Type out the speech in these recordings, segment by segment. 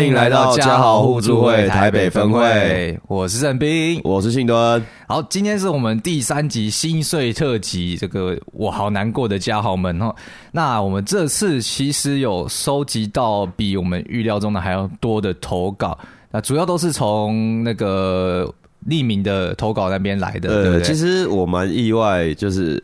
歡迎來到家豪互助會台北分會，台北分會，我是鄭斌。我是信端。好，今天是我們第三集心碎特輯，這個我好難過的家豪們。那我們這次其實有收集到比我們預料中的還要多的投稿，那主要都是從那個匿名的投稿那邊來的。呃、對，對，其實我蠻意外，就是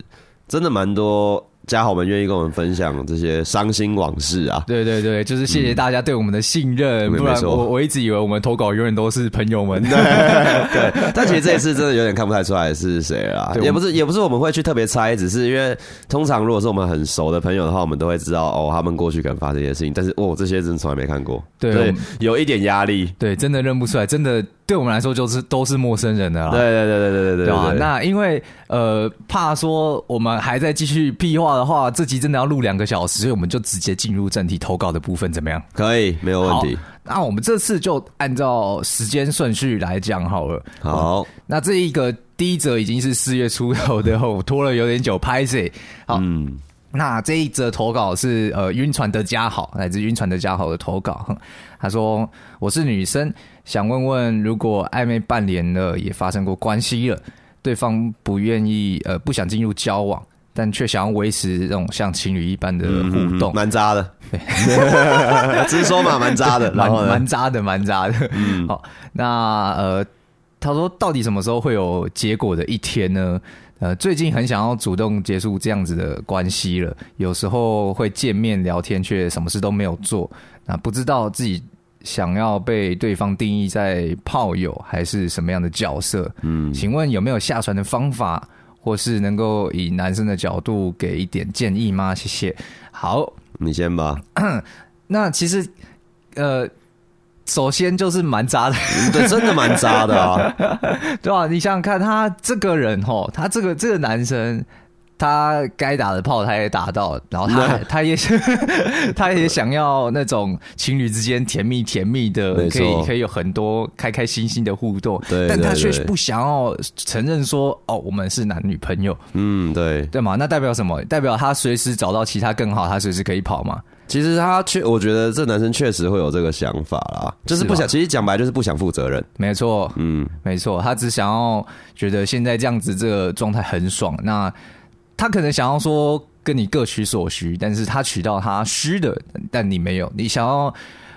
真的蠻多。家豪，我們願意跟我們分享這些傷心往事啊！對對對，就是謝謝大家對我們的信任，嗯、不然沒錯。我我一直以為我們投稿永遠都是朋友們，對，但其實這一次真的有點看不太出來是誰了，對也不是也不是我們會去特別猜，只是因為通常如果是我們很熟的朋友的話，我們都會知道哦，他們過去可能發生一些事情，但是哦，這些真的從來沒看過，對，對們有一點壓力，對，真的認不出來，真的。對我們來說就是都是陌生人的啦。對對對對對對對。那因為呃怕說我們還在繼續屁話的話，這集真的要錄兩個小時，所以我們就直接進入正題投稿的部分，怎麼樣？可以，沒有問題。那我們這次就按照時間順序來講好了。好，那這一個第一則已經是四月出頭的，拖了有點久，拍謝好，那這一則投稿是呃暈船的家豪，來自暈船的家豪的投稿。他說我是女生。想問問，如果曖昧半年了，也發生過關係了，對方不願意呃，不想進入交往，但卻想要維持這種像情侶一般的互動，蠻渣、嗯、的。直對 說嘛，蠻渣的，蠻蠻渣的，蠻渣的。嗯，好，那呃，他說，到底什麼時候會有結果的一天呢？呃，最近很想要主動結束這樣子的關係了，有時候會見面聊天，卻什麼事都沒有做，啊，不知道自己。想要被對方定義在炮友還是什麼樣的角色？嗯，請問有沒有下船的方法，或是能夠以男生的角度給一點建議嗎？謝謝。好，你先吧。那其實，呃，首先就是蠻渣的，對，真的蠻渣的啊， 對吧？對啊？你想想看，他這個人吼，他這個這個男生。他該打的炮他也打到，然後他他也想那 他也想要那種情侶之間甜蜜甜蜜的，沒錯 可以可以有很多開開心心的互動，對對對，但他卻不想要承認說哦，我們是男女朋友。嗯，對，對嗎？那代表什麼？代表他隨時找到其他更好，他隨時可以跑嘛。其實他確，我覺得這男生確實會有這個想法啦，是吧就是不想。其實講白就是不想負責任。沒錯，嗯，沒錯，他只想要覺得現在這樣子這個狀態很爽。那他可能想要說跟你各取所需，但是他取到他需的，但你沒有。你想要，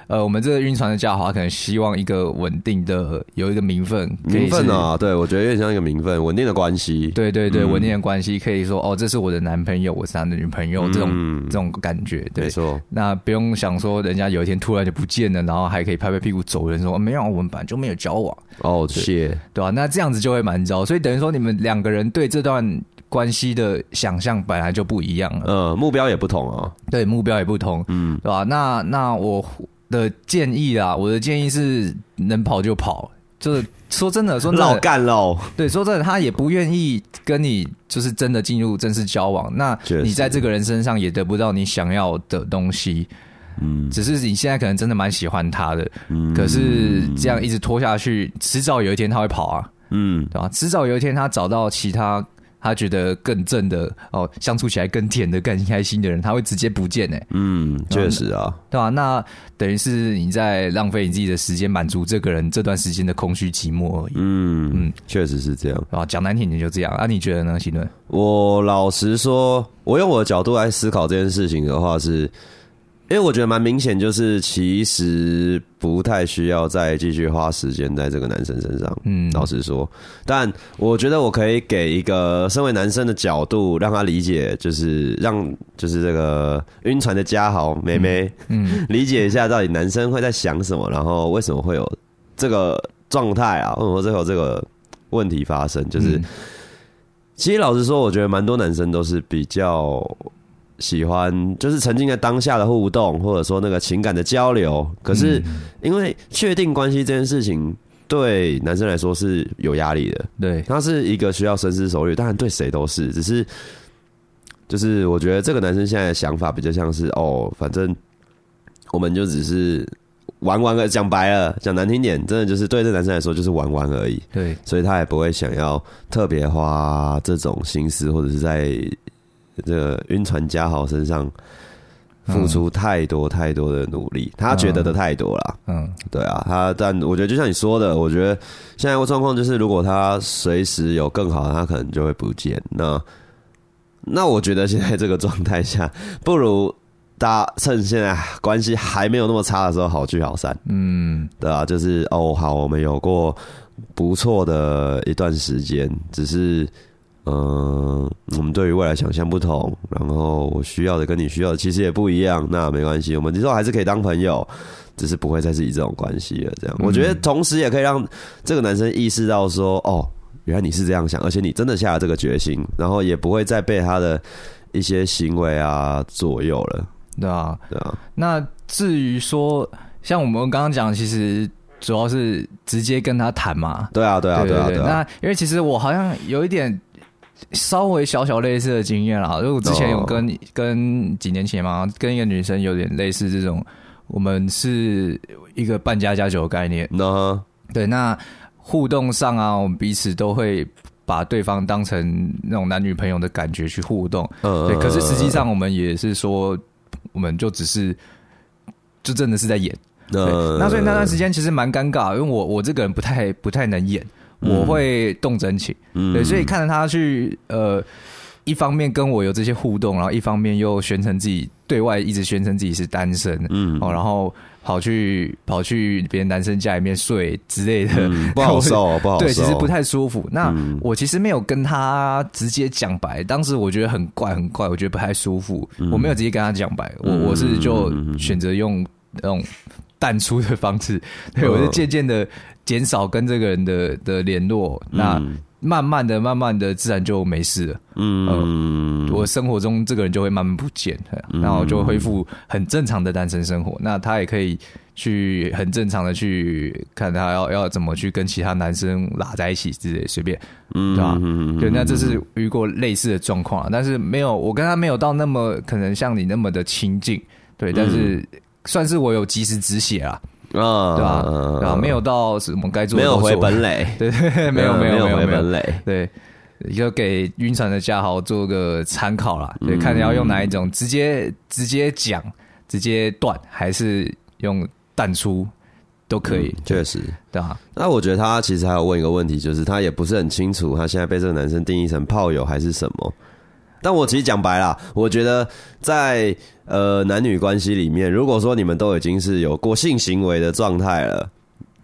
呃，我們這個暈船的傢伙，可能希望一個穩定的，有一個名分，名分啊，對，我覺得有點像一個名分，穩定的關係。對對對，穩、嗯、定的關係可以說，哦，這是我的男朋友，我是他的女朋友，嗯、這種這種感覺，對沒錯錯。那不用想說，人家有一天突然就不見了，然後還可以拍拍屁股走人說，說、呃、沒有，我們本來就沒有交往。哦，謝，對啊，那這樣子就會蠻糟，所以等於說你們兩個人對這段。關係的想象本來就不一樣，呃、嗯，目標也不同啊。對，目標也不同，嗯，對吧、啊？那那我的建議啊，我的建議是能跑就跑。就是說真的，說那我幹嘍。幹咯對，說真的，他也不願意跟你，就是真的進入正式交往。那你在這個人身上也得不到你想要的東西，嗯，只是你現在可能真的蠻喜歡他的，嗯，可是這樣一直拖下去，遲早有一天他會跑啊，嗯，對吧、啊？遲早有一天他找到其他。他覺得更正的哦，相處起來更甜的、更開心的人，他會直接不見呢、欸。嗯，確實啊，對吧、嗯？那，啊、那等於是你在浪費你自己的時間，滿足這個人這段時間的空虛寂寞而已。嗯嗯，確、嗯、實是這樣啊。講難聽點就這樣啊？你覺得呢，新頓？我老實說，我用我的角度來思考這件事情的話是。因為我覺得蠻明顯，就是其實不太需要再繼續花時間在這個男生身上。嗯，老實說，但我覺得我可以給一個身為男生的角度，讓他理解，就是讓就是這個暈船的家豪妹妹嗯，嗯，理解一下到底男生會在想什麼，然後為什麼會有這個狀態啊？為什麼會有這個問題發生？就是，嗯、其實老實說，我覺得蠻多男生都是比較。喜歡就是沉浸在當下的互動，或者說那個情感的交流。可是因為確定關係這件事情，對男生來說是有壓力的。對，他是一個需要深思熟慮，當然對誰都是，只是就是我覺得這個男生現在的想法比較像是哦，反正我們就只是玩玩而已。講白了，講難聽點，真的就是對這男生來說就是玩玩而已。對，所以他也不會想要特別花這種心思，或者是在。這個暈船家豪身上付出太多太多的努力，嗯、他覺得的太多了。嗯，對啊，他但我覺得就像你說的，嗯、我覺得現在一個狀況就是，如果他隨時有更好的，他可能就會不見。那那我覺得現在這個狀態下，不如大家趁現在關係還沒有那麼差的時候，好聚好散。嗯，對啊，就是哦，好，我們有過不錯的一段時間，只是。嗯，我們對於未來想象不同，然後我需要的跟你需要的其實也不一樣，那沒關係，我們之後還是可以當朋友，只是不會再是以這種關係了。這樣，嗯、我覺得同時也可以讓這個男生意識到說，哦，原來你是這樣想，而且你真的下了這個決心，然後也不會再被他的一些行為啊左右了，對啊，對啊。那至於說，像我們剛剛講的，其實主要是直接跟他談嘛，對啊，對啊，對,對,對,對啊。那因為其實我好像有一點。稍微小小類似的經驗啦，因為我之前有跟、uh huh. 跟幾年前嘛，跟一個女生有點類似這種，我們是一個扮家家酒概念。Uh huh. 對那互動上啊，我們彼此都會把對方當成那種男女朋友的感覺去互動。呃、uh，huh. 對，可是實際上我們也是說，我們就只是就真的是在演。對，uh huh. 那所以那段時間其實蠻尷尬，因為我我這個人不太不太能演。我會動真情，對，所以看着他去呃，一方面跟我有這些互動，然後一方面又宣稱自己對外一直宣稱自己是單身，嗯，喔、然後跑去跑去別人男生家裡面睡之類的，嗯、我不好受、喔，對不好、喔、對，其實不太舒服。那我其實沒有跟他直接講白，當時我覺得很怪，很怪，我覺得不太舒服，嗯、我沒有直接跟他講白，我我是就選擇用那種淡出的方式，對，我就漸漸的。減少跟這個人的的聯絡，那慢慢的、嗯、慢慢的，自然就沒事了。嗯、呃，我生活中這個人就會慢慢不見，嗯、然後就恢復很正常的單身生活。那他也可以去很正常的去看他要要怎麼去跟其他男生拉在一起之類，隨便，對吧？對、嗯，就那這是遇過類似的狀況，但是沒有，我跟他沒有到那麼可能像你那麼的親近，對，嗯、但是算是我有及時止血啦。啊，對吧？啊，沒有到什麼該做的，沒有回本壘，對，沒有，沒有，沒有回本壘，對，就給暈船的家豪做個參考啦，對，看你要用哪一種，直接直接講，直接斷，還是用淡出都可以，確實，對啊。那我覺得他其實還要問一個問題，就是他也不是很清楚，他現在被這個男生定義成炮友還是什麼。但我其實講白了，我覺得在呃男女關係裡面，如果說你們都已經是有過性行為的狀態了，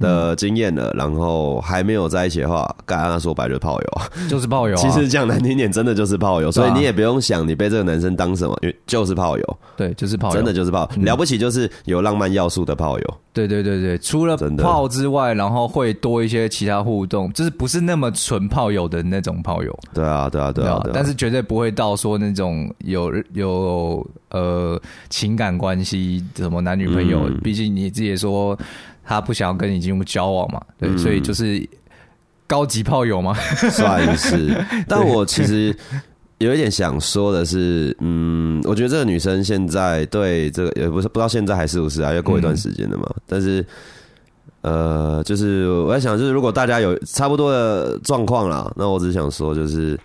的經驗了，然後還沒有在一起的話，剛剛、啊、說白就炮友，就是炮友。友啊、其實講難聽點，真的就是炮友，所以你也不用想你被這個男生當什麼，因為就是炮友。對，就是炮友，真的就是炮友。嗯、了不起就是有浪漫要素的炮友。對對對對，除了炮之外，然後會多一些其他互動，就是不是那麼純炮友的那種炮友對、啊。對啊對啊對啊，但是絕對不會到說那種有有呃情感關係，什麼男女朋友。嗯、畢竟你自己也說。他不想要跟你進一步交往嘛？對，嗯、所以就是高級炮友嘛，算是。但我其實有一點想說的是，嗯，我覺得這個女生現在對這個也不是不知道現在還是不是啊，要過一段時間的嘛。但是，呃，就是我在想，就是如果大家有差不多的狀況啦，那我只想說，就是。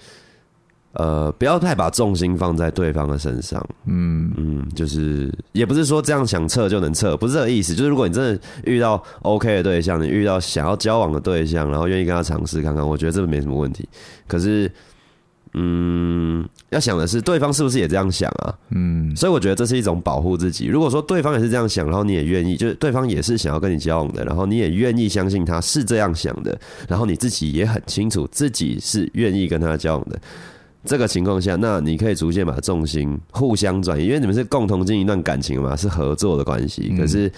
呃，不要太把重心放在對方的身上。嗯嗯，就是也不是說這樣想撤就能撤，不是這個意思。就是如果你真的遇到 OK 的對象，你遇到想要交往的對象，然後願意跟他嘗試看看，我覺得這沒什麼問題。可是，嗯，要想的是對方是不是也這樣想啊？嗯，所以我覺得這是一種保護自己。如果說對方也是這樣想，然後你也願意，就是對方也是想要跟你交往的，然後你也願意相信他是這樣想的，然後你自己也很清楚自己是願意跟他交往的。這個情況下，那你可以逐漸把重心互相轉移，因為你們是共同經營一段感情嘛，是合作的關係。嗯、可是，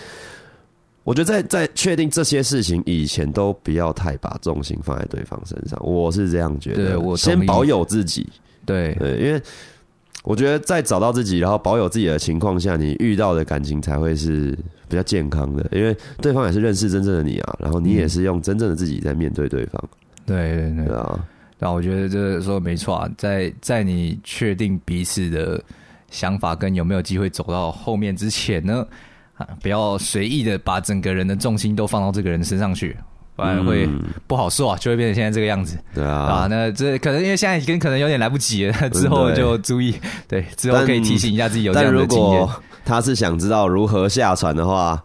我覺得在在確定這些事情以前，都不要太把重心放在對方身上。我是這樣覺得，我先保有自己。對對，因為我覺得在找到自己，然後保有自己的情況下，你遇到的感情才會是比較健康的。因為對方也是認識真正的你啊，然後你也是用真正的自己在面對對方。嗯、對對對啊。那、啊、我覺得就是說沒錯啊，在在你確定彼此的想法跟有沒有機會走到後面之前呢，啊，不要隨意的把整個人的重心都放到這個人身上去，不然會不好受啊，就會變成現在這個樣子。嗯、啊對啊，那這可能因為現在已經可能有點來不及了，啊、之後就注意，對，之後可以提醒一下自己有這樣的經驗。有但,但如果他是想知道如何下船的話。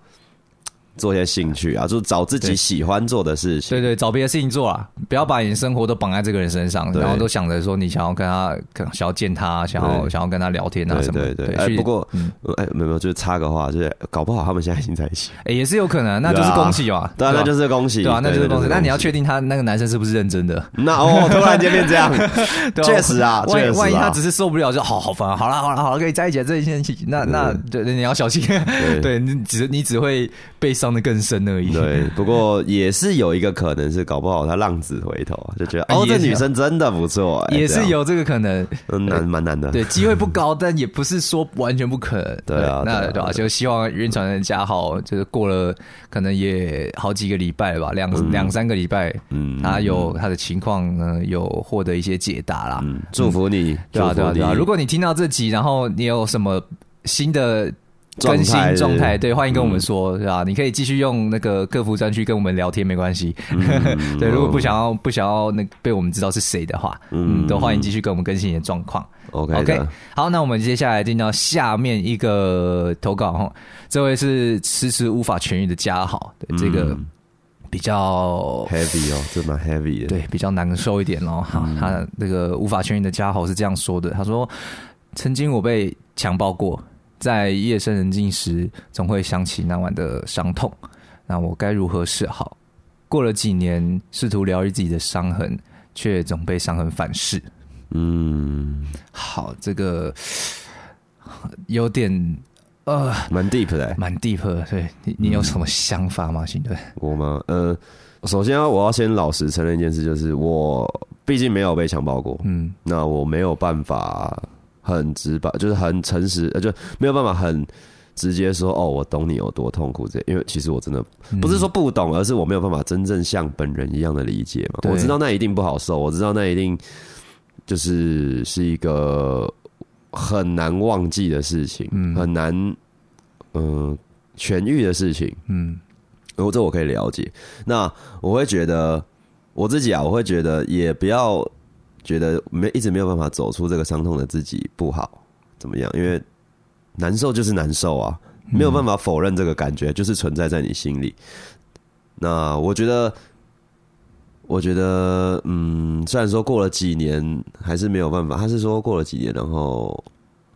做一些興趣啊，就是找自己喜歡做的事情。對對，找別的事情做啊，不要把你的生活都綁在這個人身上，然後都想着說你想要跟他想要見他，想要想要跟他聊天啊什麼。對對。不過，哎，沒有沒有，就是插個話，就是搞不好他們現在已經在一起。哎，也是有可能，那就是恭喜啊！對啊，那就是恭喜。對啊，那就是恭喜。那你要確定他那個男生是不是認真的？那哦，突然間變這樣，確實啊。萬一萬一他只是受不了，就好好煩。好了好了好了，可以在一起，這一件事情。那那，對，你要小心。對，你只你只會。被傷的更深而已。對，不過也是有一個可能是，搞不好他浪子回頭，就覺得哦，這女生真的不錯，也是有這個可能。難，蠻難的。對，機會不高，但也不是說完全不可能。對啊，那對吧？就希望暈船人家豪，就是過了可能也好幾個禮拜吧，兩兩三個禮拜，嗯，他有他的情況呢，有獲得一些解答啦。祝福你，祝福你。如果你聽到這集，然後你有什麼新的？更新狀態，對，歡迎跟我們說，嗯、是吧、啊？你可以繼續用那個客服專區跟我們聊天，沒關係。嗯、 對，如果不想要不想要那被我們知道是誰的話，嗯，嗯，都歡迎繼續跟我們更新你的狀況。OK，OK，好，那我們接下來進到下面一個投稿哈，這位是遲遲無法痊癒的家豪，對，這個比較 heavy 哦，這蠻 heavy 的，對，比較難受一點哦。哈、嗯，他那個無法痊癒的家豪是這樣說的：他說，曾經我被強暴過。在夜深人靜時，總會想起那晚的傷痛。那我該如何是好？過了幾年，試圖療癒自己的傷痕，卻總被傷痕反噬。嗯，好，這個有點呃，蠻 deep 的、欸，蠻 deep 的。對，你你有什麼想法嗎？新隊、嗯？對我嗎？呃，首先啊，我要先老實承認一件事，就是我畢竟沒有被強暴過。嗯，那我沒有辦法。很直白，就是很誠實，呃，就沒有辦法很直接說哦，我懂你有多痛苦，這些，因為其實我真的不是說不懂，而是我沒有辦法真正像本人一樣的理解嘛。我知道那一定不好受，我知道那一定就是是一個很難忘記的事情，很難嗯痊癒的事情，嗯，然後這我可以了解。那我會覺得我自己啊，我會覺得也不要。覺得沒一直沒有辦法走出這個傷痛的自己不好怎麼樣？因為難受就是難受啊，沒有辦法否認這個感覺，嗯、就是存在在你心裡。那我覺得，我覺得，嗯，雖然說過了幾年還是沒有辦法，他是說過了幾年，然後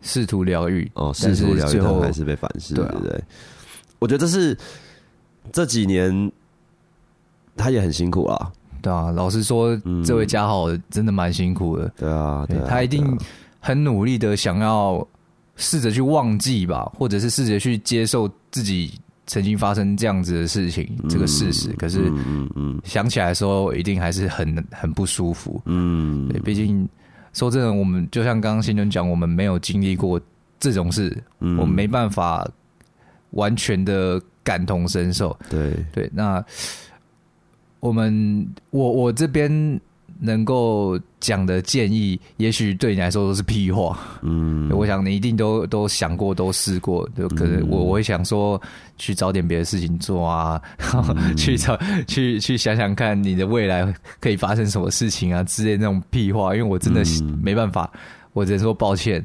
試圖療癒，哦，試圖療癒，最後還是被反噬是不是，對不、啊、對？我覺得這是這幾年他也很辛苦啊。對啊，老實說，嗯、這位家豪真的蠻辛苦的。對啊,對啊對，他一定很努力的想要試着去忘記吧，或者是試着去接受自己曾經發生這樣子的事情、嗯、這個事實。可是，想起來的時候，一定還是很很不舒服。嗯，對，畢竟說真的，我們就像剛剛新倫講，我們沒有經歷過這種事，嗯、我們沒辦法完全的感同身受。對對，那。我們我我這邊能夠講的建議，也許對你來說都是屁話。嗯，我想你一定都都想過，都試過。可能我、嗯、我會想說，去找點別的事情做啊，嗯、 去找去去想想看，你的未來可以發生什麼事情啊之類那種屁話。因為我真的沒辦法，嗯、我只能說抱歉，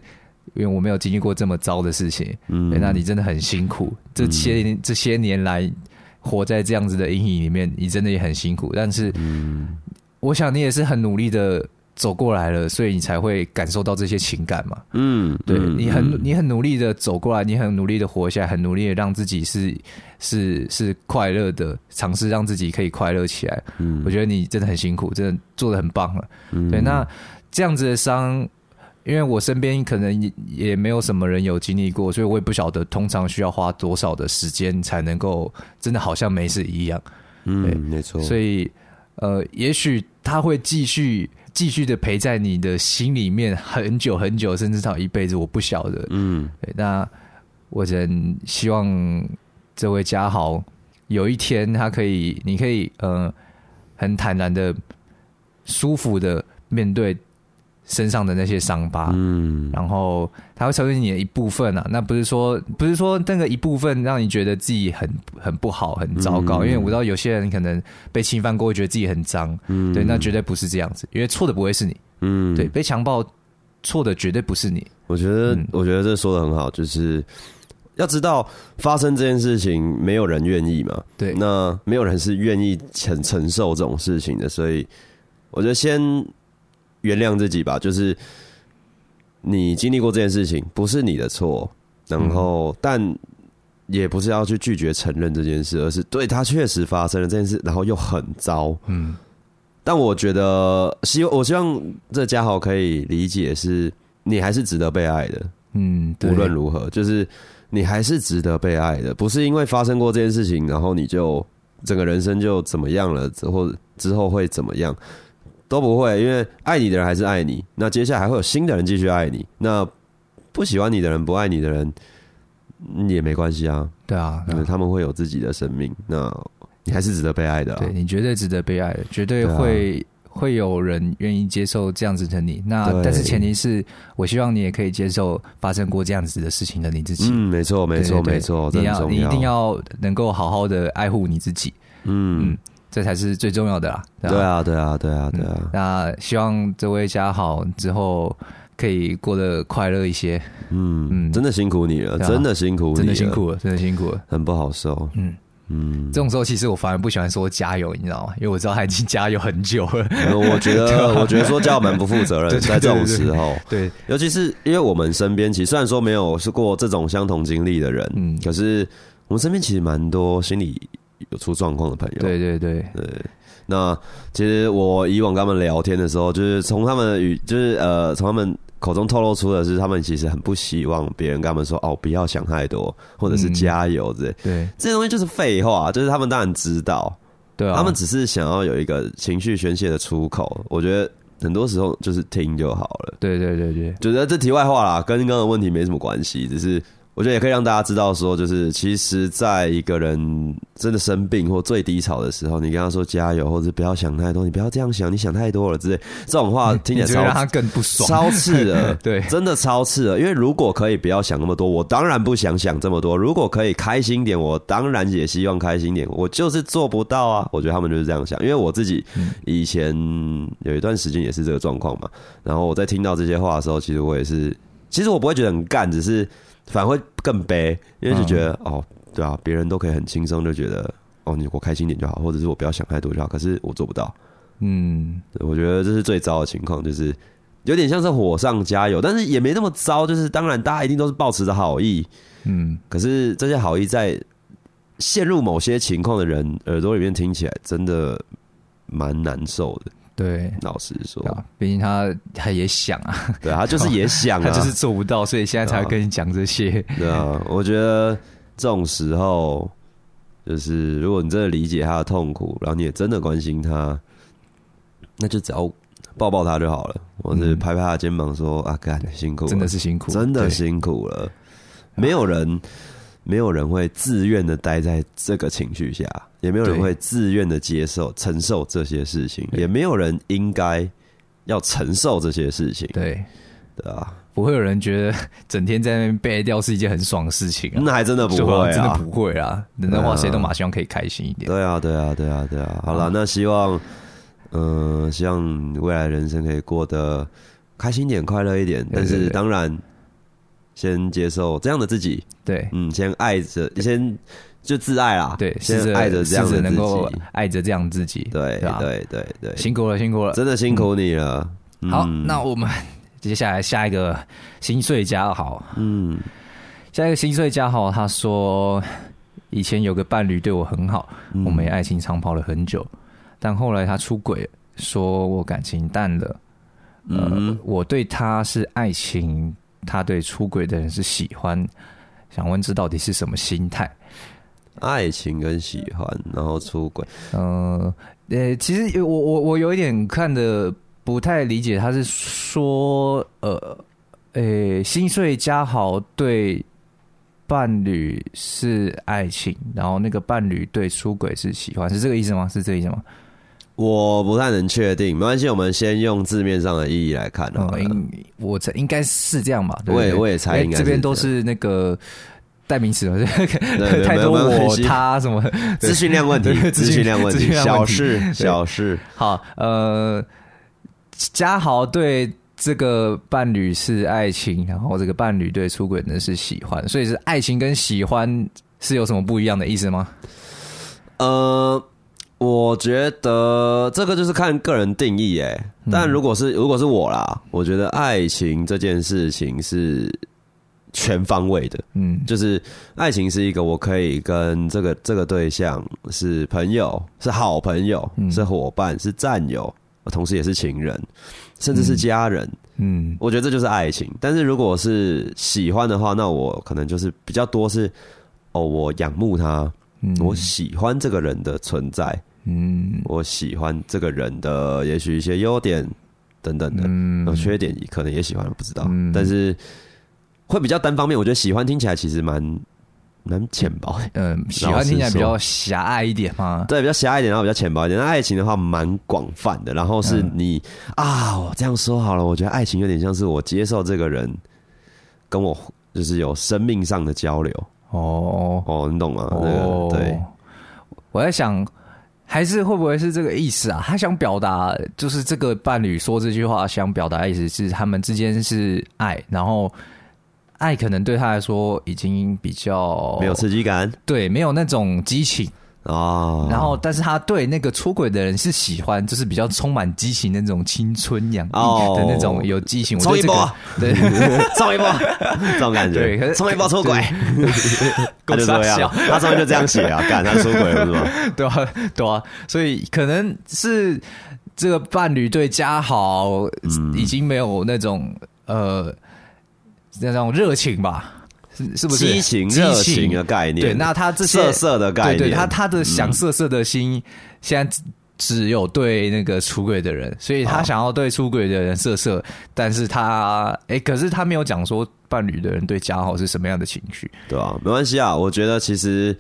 因為我沒有經歷過這麼糟的事情。嗯，那你真的很辛苦，這些、嗯、這些年來。活在這樣子的陰影裡面，你真的也很辛苦。但是，我想你也是很努力的走過來了，所以你才會感受到這些情感嘛。嗯，對，你很，你很努力的走過來，你很努力的活下來，很努力的讓自己是是是快樂的，嘗試讓自己可以快樂起來。嗯，我覺得你真的很辛苦，真的做得很棒了。對，那這樣子的傷。因為我身邊可能也沒有什麼人有經歷過，所以我也不曉得通常需要花多少的時間才能夠真的好像沒事一樣。嗯，沒錯。所以，呃，也許他會繼續繼續的陪在你的心裡面很久很久，甚至到一輩子，我不曉得。嗯，那我只能希望這位家豪有一天他可以，你可以，嗯、呃，很坦然的、舒服的面對。身上的那些傷疤，嗯，然後他會成為你的一部分啊。那不是說，不是說那個一部分讓你覺得自己很很不好、很糟糕。嗯、因為我知道有些人可能被侵犯過，會覺得自己很髒，嗯，對，那絕對不是這樣子。因為錯的不會是你，嗯，對，被強暴錯的絕對不是你。我覺得，嗯、我覺得這說得很好，就是要知道發生這件事情，沒有人願意嘛，對，那沒有人是願意承承受這種事情的。所以，我覺得先。原諒自己吧，就是你經歷過這件事情，不是你的錯。然後，嗯、但也不是要去拒絕承認這件事，而是對它確實發生了這件事，然後又很糟。嗯，但我覺得，希望我希望這家豪可以理解是，是你還是值得被愛的。嗯，無論如何，就是你還是值得被愛的，不是因為發生過這件事情，然後你就整個人生就怎麼樣了，之後之後會怎麼樣。都不會，因為愛你的人還是愛你。那接下來還會有新的人繼續愛你。那不喜歡你的人，不愛你的人也沒關係啊，啊。對啊，可能他們會有自己的生命。那你還是值得被愛的，啊。對，你絕對值得被愛的，絕對會對、啊、會有人願意接受這樣子的你。那對，但是前提是我希望你也可以接受發生過這樣子的事情的你自己。嗯，沒錯，沒錯，對對對沒錯。你要你一定要能夠好好的愛護你自己。嗯。嗯這才是最重要的啦！對啊，對啊，對啊，對啊！那希望這位家豪之後可以過得快樂一些。嗯嗯，真的辛苦你了，真的辛苦你了，真的辛苦了，真的辛苦了，很不好受。嗯嗯，這種時候其實我反而不喜歡說加油，你知道嗎？因為我知道他已經加油很久了。我覺得，我覺得說加油蠻不負責任，在這種時候。對，尤其是因為我們身邊其實雖然說沒有過這種相同經歷的人，嗯，可是我們身邊其實蠻多心理。有出狀況的朋友，對對對，對，那其實我以往跟他們聊天的時候，就是從他們語，就是呃，從他們口中透露出的是，他們其實很不希望別人跟他們說哦，不要想太多，或者是加油，嗯，之類的。對，這些東西就是廢話，就是他們當然知道，對啊，他們只是想要有一個情緒宣洩的出口。我覺得很多時候就是聽就好了。對對對對，就覺得這題外話啦，跟剛剛的問題沒什麼關係，只是。我覺得也可以讓大家知道說，就是，其實在一個人真的生病或最低潮的時候，你跟他說加油，或者不要想太多，你不要這樣想，你想太多了之類這種話，聽起來超、嗯、你覺得讓他更不爽，超刺的， 對，真的超刺的。因為如果可以不要想那麼多，我當然不想想這麼多；如果可以開心點，我當然也希望開心點，我就是做不到啊。我覺得他們就是這樣想，因為我自己以前有一段時間也是這個狀況嘛。然後我在聽到這些話的時候，其實我也是，其實我不會覺得很幹，只是。反而會更悲，因為就覺得、嗯、哦，對啊，別人都可以很輕鬆就覺得哦，你給我開心點就好，或者是我不要想太多就好，可是我做不到。嗯，我覺得這是最糟的情況，就是有點像是火上加油，但是也沒那麼糟。就是當然，大家一定都是抱持着好意，嗯，可是這些好意在陷入某些情況的人耳朵裡面聽起來，真的蠻難受的。對，老實說，啊、畢竟他他也想啊，對，他就是也想、啊， 他就是做不到，所以現在才跟你講這些對、啊。對啊，我覺得這種時候，就是如果你真的理解他的痛苦，然後你也真的關心他，那就只要抱抱他就好了，或者、嗯、拍拍他的肩膀說：“阿、啊、干對辛苦，真的是辛苦，真的辛苦了。對”沒有人。沒有人會自願的待在這個情緒下，也沒有人會自願的接受、對承受這些事情，也沒有人應該要承受這些事情。對，對啊，不會有人覺得整天在那邊背調是一件很爽的事情、啊、那還真的不會、啊，真的不會啊！那的話，誰都馬上希望可以開心一點。對啊，對啊，對啊，對啊！好了，嗯、那希望，嗯、呃，希望未來人生可以過得開心一點、快樂一點，對對對但是當然。先接受這樣的自己，對，嗯，先愛着，先就自愛啦，對，先愛着這樣自己，能夠愛着這樣自己，對，對，對，對，辛苦了，辛苦了，真的辛苦你了。好，那我們接下來下一個心碎家豪，嗯，下一個心碎家豪，他說以前有個伴侶對我很好，我們愛情長跑了很久，但後來他出軌，說我感情淡了，嗯，我對他是愛情。他對出軌的人是喜歡，想問這到底是什麼心態？愛情跟喜歡，然後出軌，嗯、呃，呃、欸，其實我我我有一點看的不太理解，他是說，呃，誒、欸，心碎加好對伴侶是愛情，然後那個伴侶對出軌是喜歡，是這個意思嗎？是這個意思嗎？我不太能確定，沒關係，我們先用字面上的意義來看好了。嗯、哦，我猜應該是這樣吧。對對我也，我也猜應該、欸，這邊都是那個代名詞了，對對對太多我他什麼資訊對量問題，資訊訊量問題，問題，小事小事，小事。好，呃，家豪對這個伴侶是愛情，然後這個伴侶對出軌呢是喜歡，所以是愛情跟喜歡是有什麼不一樣的意思嗎？呃。我覺得這個就是看個人定義耶、欸。但如果是，嗯、如果是我啦，我覺得愛情這件事情是全方位的，嗯，就是愛情是一個我可以跟這個這個對象是朋友，是好朋友，嗯，是夥伴，是戰友，同時也是情人，甚至是家人，嗯，我覺得這就是愛情。但是如果是喜歡的話，那我可能就是比較多是哦，我仰慕他。嗯、我喜歡這個人的存在，嗯，我喜歡這個人的也許一些優點等等的，有、嗯、缺點你可能也喜歡，不知道，嗯、但是會比較單方面。我覺得喜歡聽起來其實蠻蠻淺薄，嗯，喜歡聽起來比較狹隘一點嘛，對，比較狹隘一點，然後比較淺薄一點。那愛情的話，蠻廣泛的。然後是你、嗯、啊，我這樣說好了，我覺得愛情有點像是我接受這個人跟我就是有生命上的交流。哦哦，你懂啊？對，我在想，還是會不會是這個意思啊？他想表達，就是這個伴侶說這句話，想表達的意思是他們之間是愛，然後愛可能對他來說已經比較沒有刺激感，對，沒有那種激情。哦，oh. 然後，但是他對那個出軌的人是喜歡，就是比較充滿激情的那種青春洋溢，的那種有激情。衝、oh. 這個、一波，對，衝 一波， 這種感覺，對，可是衝一波出軌， 他就這樣， 他上面就這樣寫 啊，幹 他出軌了是吧？ 對啊，對啊，所以可能是這個伴侶對家豪、嗯、已經沒有那種呃那種熱情吧。是是不是激情熱情的概念？對，那他這些色色的概念，對，對，對，他他的想色色的心，嗯、現在只有對那個出軌的人，所以他想要對出軌的人色色，哦、但是他哎、欸，可是他沒有講說伴侶的人對家豪是什麼樣的情緒。對啊，沒關係啊，我覺得其實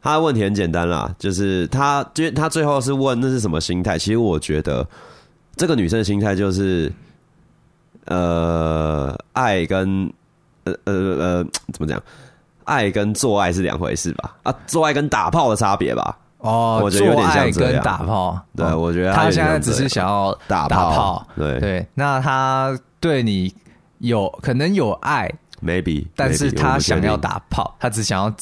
他的問題很簡單啦，就是他，就他最後是問那是什麼心態，其實我覺得這個女生的心態就是，呃，愛跟。呃呃呃，怎麼講？愛跟做愛是兩回事吧？啊，做愛跟打炮的差別吧？哦，做愛跟打炮，我覺得有點像這樣跟打炮，對、哦、我覺得他，他現在只是想要打炮。打炮對對，那他對你有可能有愛，maybe，但是他想要打炮，maybe, 他只想要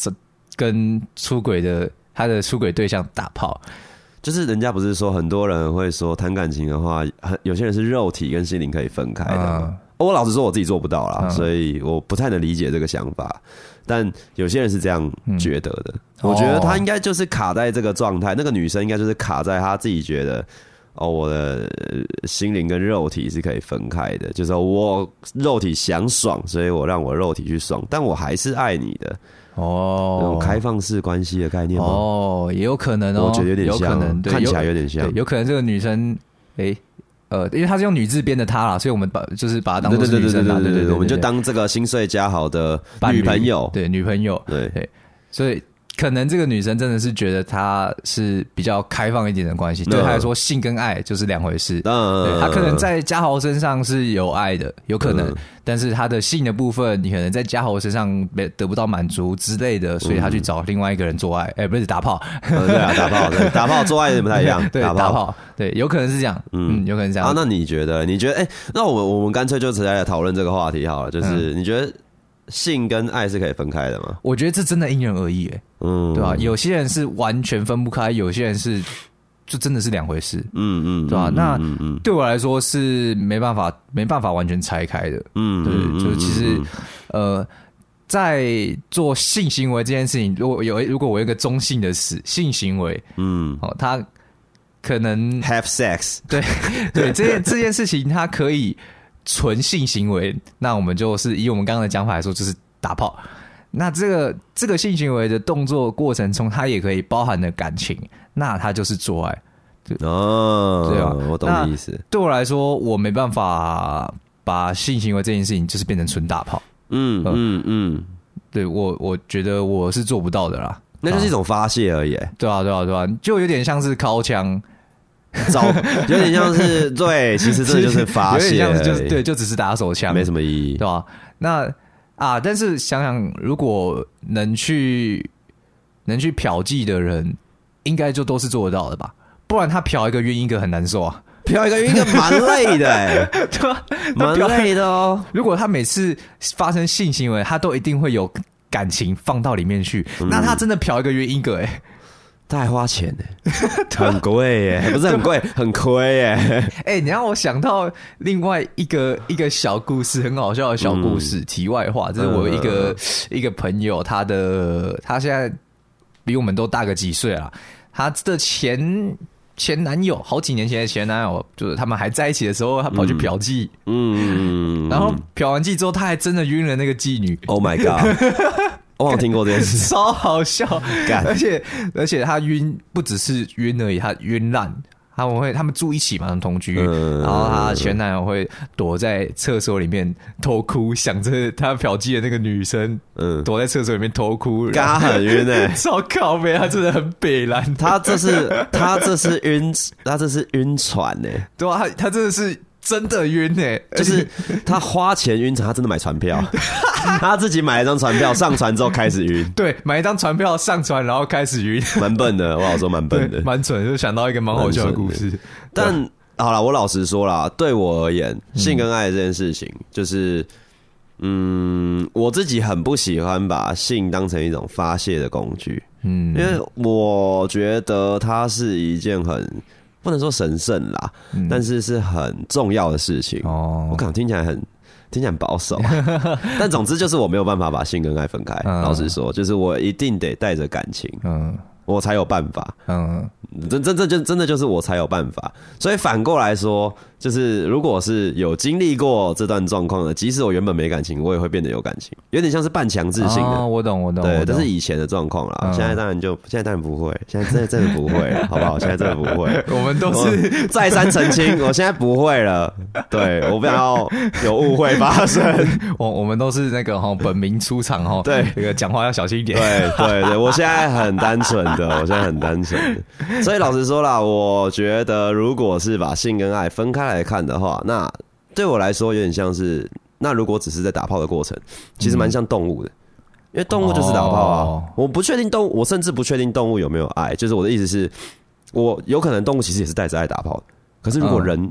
跟出軌的他的出軌對象打炮。就是人家不是說很多人會說談感情的話，很有些人是肉體跟心靈可以分開的、嗯哦，我老實說，我自己做不到啦，嗯，所以我不太能理解這個想法。但有些人是這樣覺得的。嗯，哦，我覺得她應該就是卡在這個狀態，那個女生應該就是卡在她自己覺得哦，我的心靈跟肉體是可以分開的，就是我肉體想爽，所以我讓我肉體去爽，但我還是愛你的。哦，那種開放式關係的概念哦，也有可能哦，我覺得有點像，可能看起來有點像有，有可能這個女生哎。欸呃，因為他是用女字邊的他啦，所以我們把就是把他當做是女生啦對對對對對對對，對對對對對，我們就當這個心碎家豪的女朋友，女，對女朋友，對，對，所以。可能這個女生真的是覺得她是比較開放一點的關係，對她來說，性跟愛就是兩回事。嗯，她可能在家豪身上是有愛的，有可能，但是她的性的部分，你可能在家豪身上得不到滿足之類的，所以她去找另外一個人做愛、欸，誒不是打炮，對啊，打炮，對，打炮做愛也不太一樣， 對，打炮，對，有可能是這樣，嗯，嗯，有可能是這樣。啊，那你覺得？你覺得？哎，那我們我們乾脆就直接來討論這個話題好了，就是、嗯、你覺得。性跟愛是可以分開的嗎？我覺得這真的因人而異，哎，嗯，對吧？有些人是完全分不開，有些人是就真的是兩回事，嗯，嗯對吧？嗯，對吧？那對我來說是沒辦法沒辦法完全拆開的，嗯，對，就是其實呃，在做性行為這件事情，如果有如果我有一個中性的性性行為，嗯，他可能 have sex，對對，這件這件事情，他可以。純性行為，那我們就是以我們剛剛的講法來說，就是打炮。那這個這個性行為的動作過程中，它也可以包含了感情，那它就是做愛、欸。對啊，哦、對啊吧，我懂的意思。對我來說，我沒辦法把性行為這件事情就是變成純打炮。嗯嗯嗯，嗯嗯對我我覺得我是做不到的啦。那就是一種發洩而已對、啊。對啊，對啊，對啊，就有點像是靠槍。糟，有點像是 對，其實這就是發洩就，對，就只是打手槍，沒什麼意義，對吧？那啊，但是想想，如果能去能去嫖妓的人，應該就都是做得到的吧？不然他嫖一個暈一個很難受啊，嫖一個暈一個 蠻累的、欸，哎 他蠻累的哦。如果他每次發生性行為，他都一定會有感情放到裡面去，嗯、那他真的嫖一個暈一個、欸，哎。太花錢呢、欸，很貴耶，不是很貴，很虧耶。哎，你讓我想到另外一個一個小故事，很好笑的小故事。題外話，就是我有一個一個朋友，他的他現在比我們都大個幾歲了。他的前前男友，好幾年前的前男友，就是他們還在一起的時候，他跑去嫖妓。嗯，然後嫖完妓之後，他還真的暈了那個妓女。 Oh my god！我有聽過這件事，超好笑，幹而且而且他暈不只是暈而已，他暈爛。他們會他們住一起嘛，他們同居，嗯、然後他前男友會躲在廁所裡面偷哭，嗯、想着他嫖妓的那個女生，躲在廁所裡面偷哭，嘎、嗯，很暈哎、欸，超靠北，他真的很北藍，他這是他這是暈，他這是暈船哎、欸，船欸、對啊他，他真的是。真的暈哎、欸，就是,是他花錢暈船他真的買船票， 他自己買了一張船票上船之後開始暈。 對，買一張船票上船，然後開始暈。 蠻笨的，我老實說蠻笨的，蠻蠢，就想到一個蠻好笑的故事。蠢但好了，我老實說啦，對我而言，性跟愛這件事情，嗯、就是嗯，我自己很不喜歡把性當成一種發泄的工具，嗯，因為我覺得它是一件很。不能說神聖啦，嗯、但是是很重要的事情哦。我可能聽起來很，聽起來很保守， 但總之就是我沒有辦法把性跟愛分開。嗯、老實說，就是我一定得帶着感情。嗯。我才有辦法，嗯，真真這就真的就是我才有辦法，所以反過來說，就是如果是有經歷過這段狀況的，即使我原本沒感情，我也會變得有感情，有點像是半強制性的、哦。我懂，我懂，對，我懂這是以前的狀況啦，嗯、現在當然就現在當然不會，現在真的真的不會了，好不好？現在真的不會。 我們都是再三澄清，我現在不會了，對，我不想要有誤會發生。我我們都是那個齁本名出場齁，對，那個講話要小心一點，對對對，我現在很單純。 對，我現在很單純的。所以老實說啦，我覺得如果是把性跟愛分開來看的話，那對我來說有點像是，那如果只是在打炮的過程，其實蠻像動物的，因為動物就是打炮啊。哦，我不確定動物，我甚至不確定動物有沒有愛。就是我的意思是，我有可能動物其實也是帶着愛打炮。可是如果人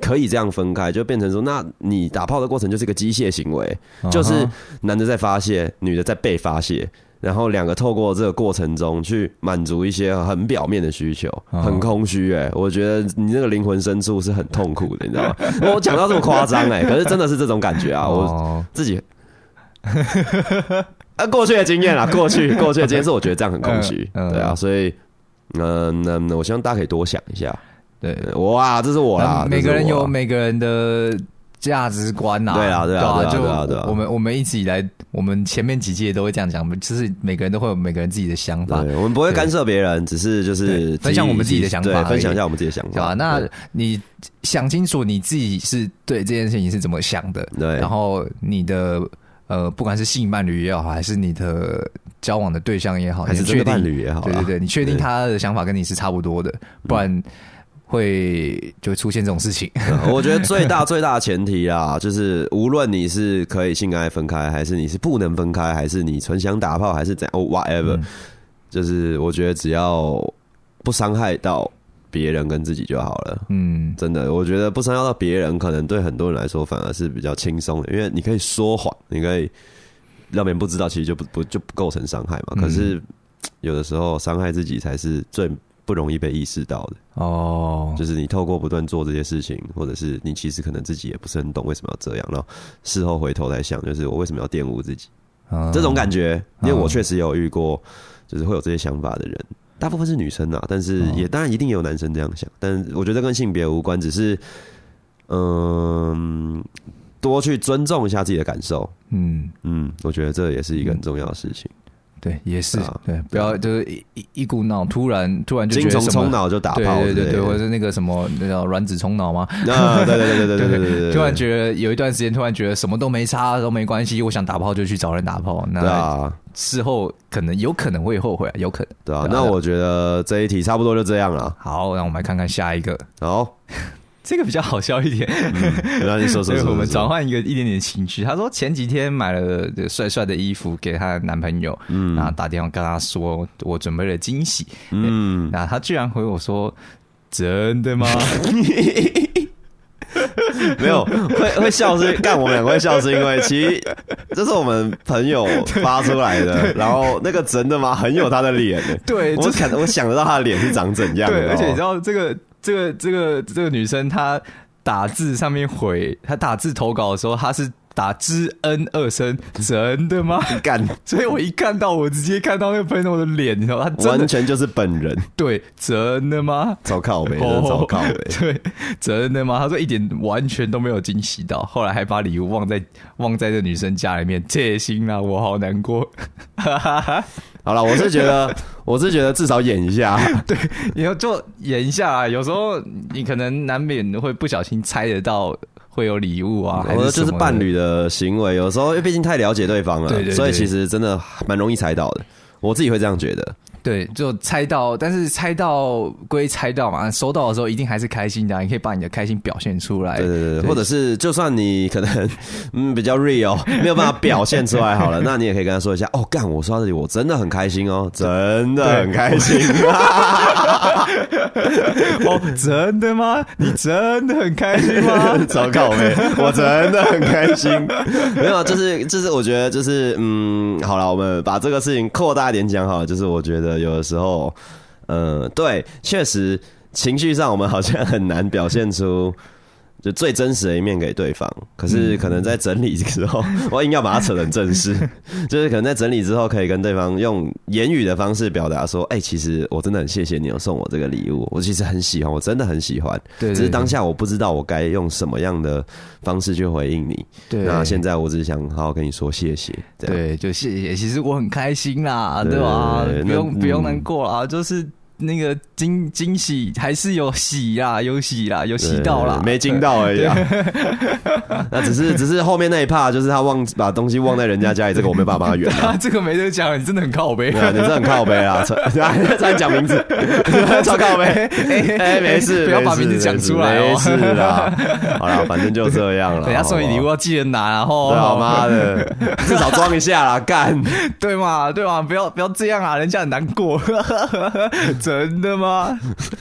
可以這樣分開，就變成說，那你打炮的過程就是一個機械行為，就是男的在發洩，女的在被發洩。然後兩個透過這個過程中去滿足一些很表面的需求，很空虛哎，我覺得你那個靈魂深處是很痛苦的，你知道嗎？我講到這麼誇張哎，可是真的是這種感覺啊，我自己，啊，過去的經驗啦，過去過去的經驗是，我覺得這樣很空虛，對啊，所以，嗯，那我希望大家可以多想一下，對，哇，這是我啦，每個人有每個人的。價值觀啊，對啊，對啊，就我們我們一直以來，我們前面幾屆都會這樣講，就是每個人都會有每個人自己的想法。我們不會干涉別人，只是就是分享我們自己的想法，分享一下我們自己的想法。對，那你想清楚你自己是對這件事情是怎麼想的？對，然後你的呃，不管是性伴侶也好，還是你的交往的對象也好，還是真的伴侶也好，對對對，你確定他的想法跟你是差不多的，不然。會就會出現這種事情、嗯。我覺得最大最大的前提啊， 就是無論你是可以性愛分開，還是你是不能分開，還是你純想打炮，還是怎樣，whatever，、嗯、就是我覺得只要不傷害到別人跟自己就好了。嗯，真的，我覺得不傷害到別人，可能對很多人來說反而是比較輕鬆的，因為你可以說謊，你可以讓別人不知道，其實就不不就不構成傷害嘛。嗯、可是有的時候傷害自己才是最。不容易被意識到的哦，就是你透過不斷做這些事情，或者是你其實可能自己也不是很懂為什麼要這樣，然後事後回頭來想，就是我為什麼要玷污自己？啊，這種感覺，因為我確實有遇過，就是會有這些想法的人，大部分是女生啊，但是也當然一定也有男生這樣想，但我覺得跟性別無關，只是嗯，多去尊重一下自己的感受，嗯嗯，我覺得這也是一個很重要的事情。對，也是，啊、對，不要就是一一,一股腦，突然突然就覺得什麼精蟲衝腦就打炮。對，對對對，或者是那個什麼那叫卵子衝腦嗎？對對對對對對，對，對突然覺得有一段時間，突然覺得什麼都沒差都沒關係，我想打炮就去找人打炮，那對啊，啊事後可能有可能會後悔，有可能對啊。對啊，那我覺得這一題差不多就這樣了。好，讓我們來看看下一個。走。這個比較好笑一點，讓你說說。所以我們轉換一個一點點情趣。他說前幾天買了帥帥的衣服給他的男朋友，嗯，然後打電話跟他說，我準備了驚喜，嗯，然後他居然回我說真的嗎？沒有，會會笑，是幹我們兩個會笑，是因為其實這是我們朋友發出來的。然後那個真的嗎？很有他的臉的，對，我想我想得到他的臉是長怎樣的，而且你知道這個。這個這個這個女生，她打字上面回，她打字投稿的時候，她是。打知恩二生，真的嗎？幹！幹 所以我一看到，我直接看到那個朋友的臉，你知道，他完全就是本人。對，真的嗎？走靠北，沒，走靠北。對，真的嗎？他說一點完全都沒有驚喜到，後來還把禮物忘在忘在這女生家裡面，貼心啊，我好難過。 好啦，我是覺得，我是覺得至少演一下，對，你要做演一下。有時候你可能難免會不小心猜得到。會有禮物啊，或者就是伴侶的行為。有時候，因為畢竟太了解對方了，對對對，所以其實真的蠻容易猜到的。我自己會這樣覺得。對，就猜到。但是猜到歸猜到嘛，收到的時候一定還是開心的啊，你可以把你的開心表現出來，對，對，對，對，對，或者是就算你可能嗯比較 real 沒有辦法表現出來，好了， 那你也可以跟他說一下哦，幹我刷到這裡，我真的很開心哦，真的很開心， 哦，真的嗎？你真的很開心嗎？ 糟糕，我真的很開心， 沒有，就是就是，我覺得就是嗯，好了，我們把這個事情擴大一點講好了，就是我覺得。有的時候，嗯，對，確實，情緒上我們好像很難表現出就最真實的一面給對方，可是可能在整理的時候，嗯、我硬要把它扯成正式， 就是可能在整理之後，可以跟對方用言語的方式表達說：“哎、欸，其實我真的很謝謝你有送我這個禮物，我其實很喜歡，我真的很喜歡，對對對對，只是當下我不知道我該用什麼樣的方式去回應你。”對，對，那現在我只想好好跟你說謝謝。對，就謝謝。其實我很開心啦，對，對，對，對，對吧？那不用，不用難過啊，嗯、就是。那個驚驚喜還是有喜呀，有喜啦，有喜到啦，對對對，沒驚到而已、啊。那只是只是後面那一趴，就是他忘把東西忘在人家家裡，這個我沒有辦法幫他圓、啊。這個沒得講，你真的很靠北，你真的很靠北 啊！再講名字，超靠北。哎、欸欸，沒事、欸，不要把名字講出來、哦，沒沒，沒事啦。好了，反正就這樣了。等下對送你禮物要記得拿，然後媽的， 至少裝一下啦。幹對嘛對嘛不要不要這樣啊，人家很難過。 真的嗎？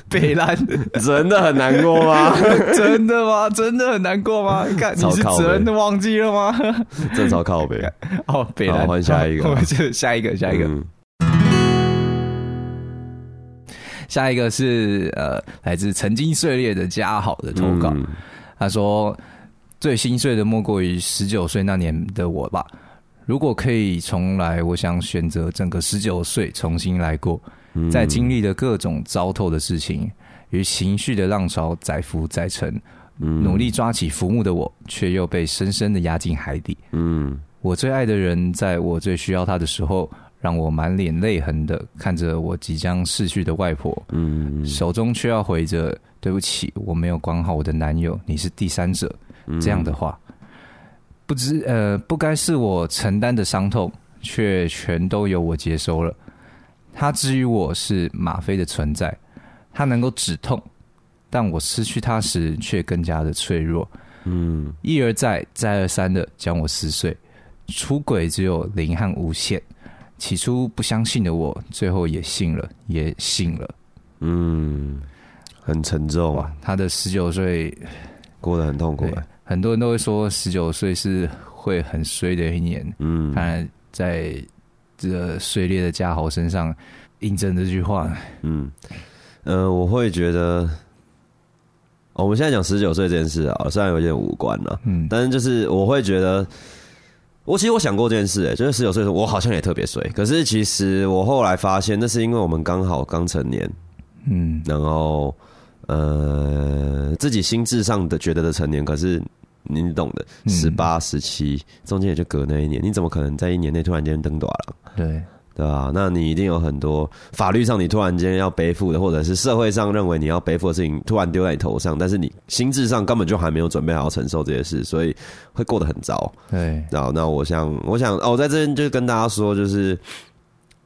北蘭 真的很難過嗎？ 真的嗎？真的很難過嗎？你是真的忘記了嗎？正常靠北，北哦，北蘭換下，下一個，下一個，下一個。下一個是呃，來自曾經碎裂的家豪的投稿。嗯、他說：“最心碎的莫過於十九歲那年的我吧。如果可以重來，我想選擇整個十九歲重新來過。”在經歷了各種糟透的事情與、嗯、情緒的浪潮載浮載沉，嗯、努力抓起浮木的我，卻又被深深的壓進海底。嗯，我最愛的人，在我最需要他的時候，讓我滿臉淚痕的看着我即將逝去的外婆，嗯嗯、手中卻要回着對不起，我沒有管好我的男友，你是第三者這樣的話，不知呃，不該是我承擔的傷痛，卻全都由我接收了。他之於我是嗎啡的存在，他能夠止痛，但我失去他時卻更加的脆弱。嗯，一而再，再而三的將我撕碎。出軌只有零和無限，起初不相信的我，最後也信了，也信了。嗯，很沉重啊。他的十九歲過得很痛苦。很多人都會說十九歲是會很衰的一年。嗯，但在這碎裂的家豪身上印證這句話。嗯，呃，我會覺得，我們現在講十九歲這件事啊，雖然有點無關了，嗯，但是就是我會覺得，我其實我想過這件事、欸，哎，就是十九歲的時候，我好像也特別衰，可是其實我後來發現，那是因為我們剛好剛成年，嗯，然後呃，自己心智上的覺得的成年，可是。你懂的，十八、嗯、十七，中間也就隔那一年，你怎麼可能在一年內突然間登大人？對對吧、啊？那你一定有很多法律上你突然間要背負的，或者是社會上認為你要背負的事情，突然丟在你頭上，但是你心智上根本就還沒有準備好要承受這些事，所以會過得很糟。對，然後那我想，我想哦，在這邊就跟大家說，就是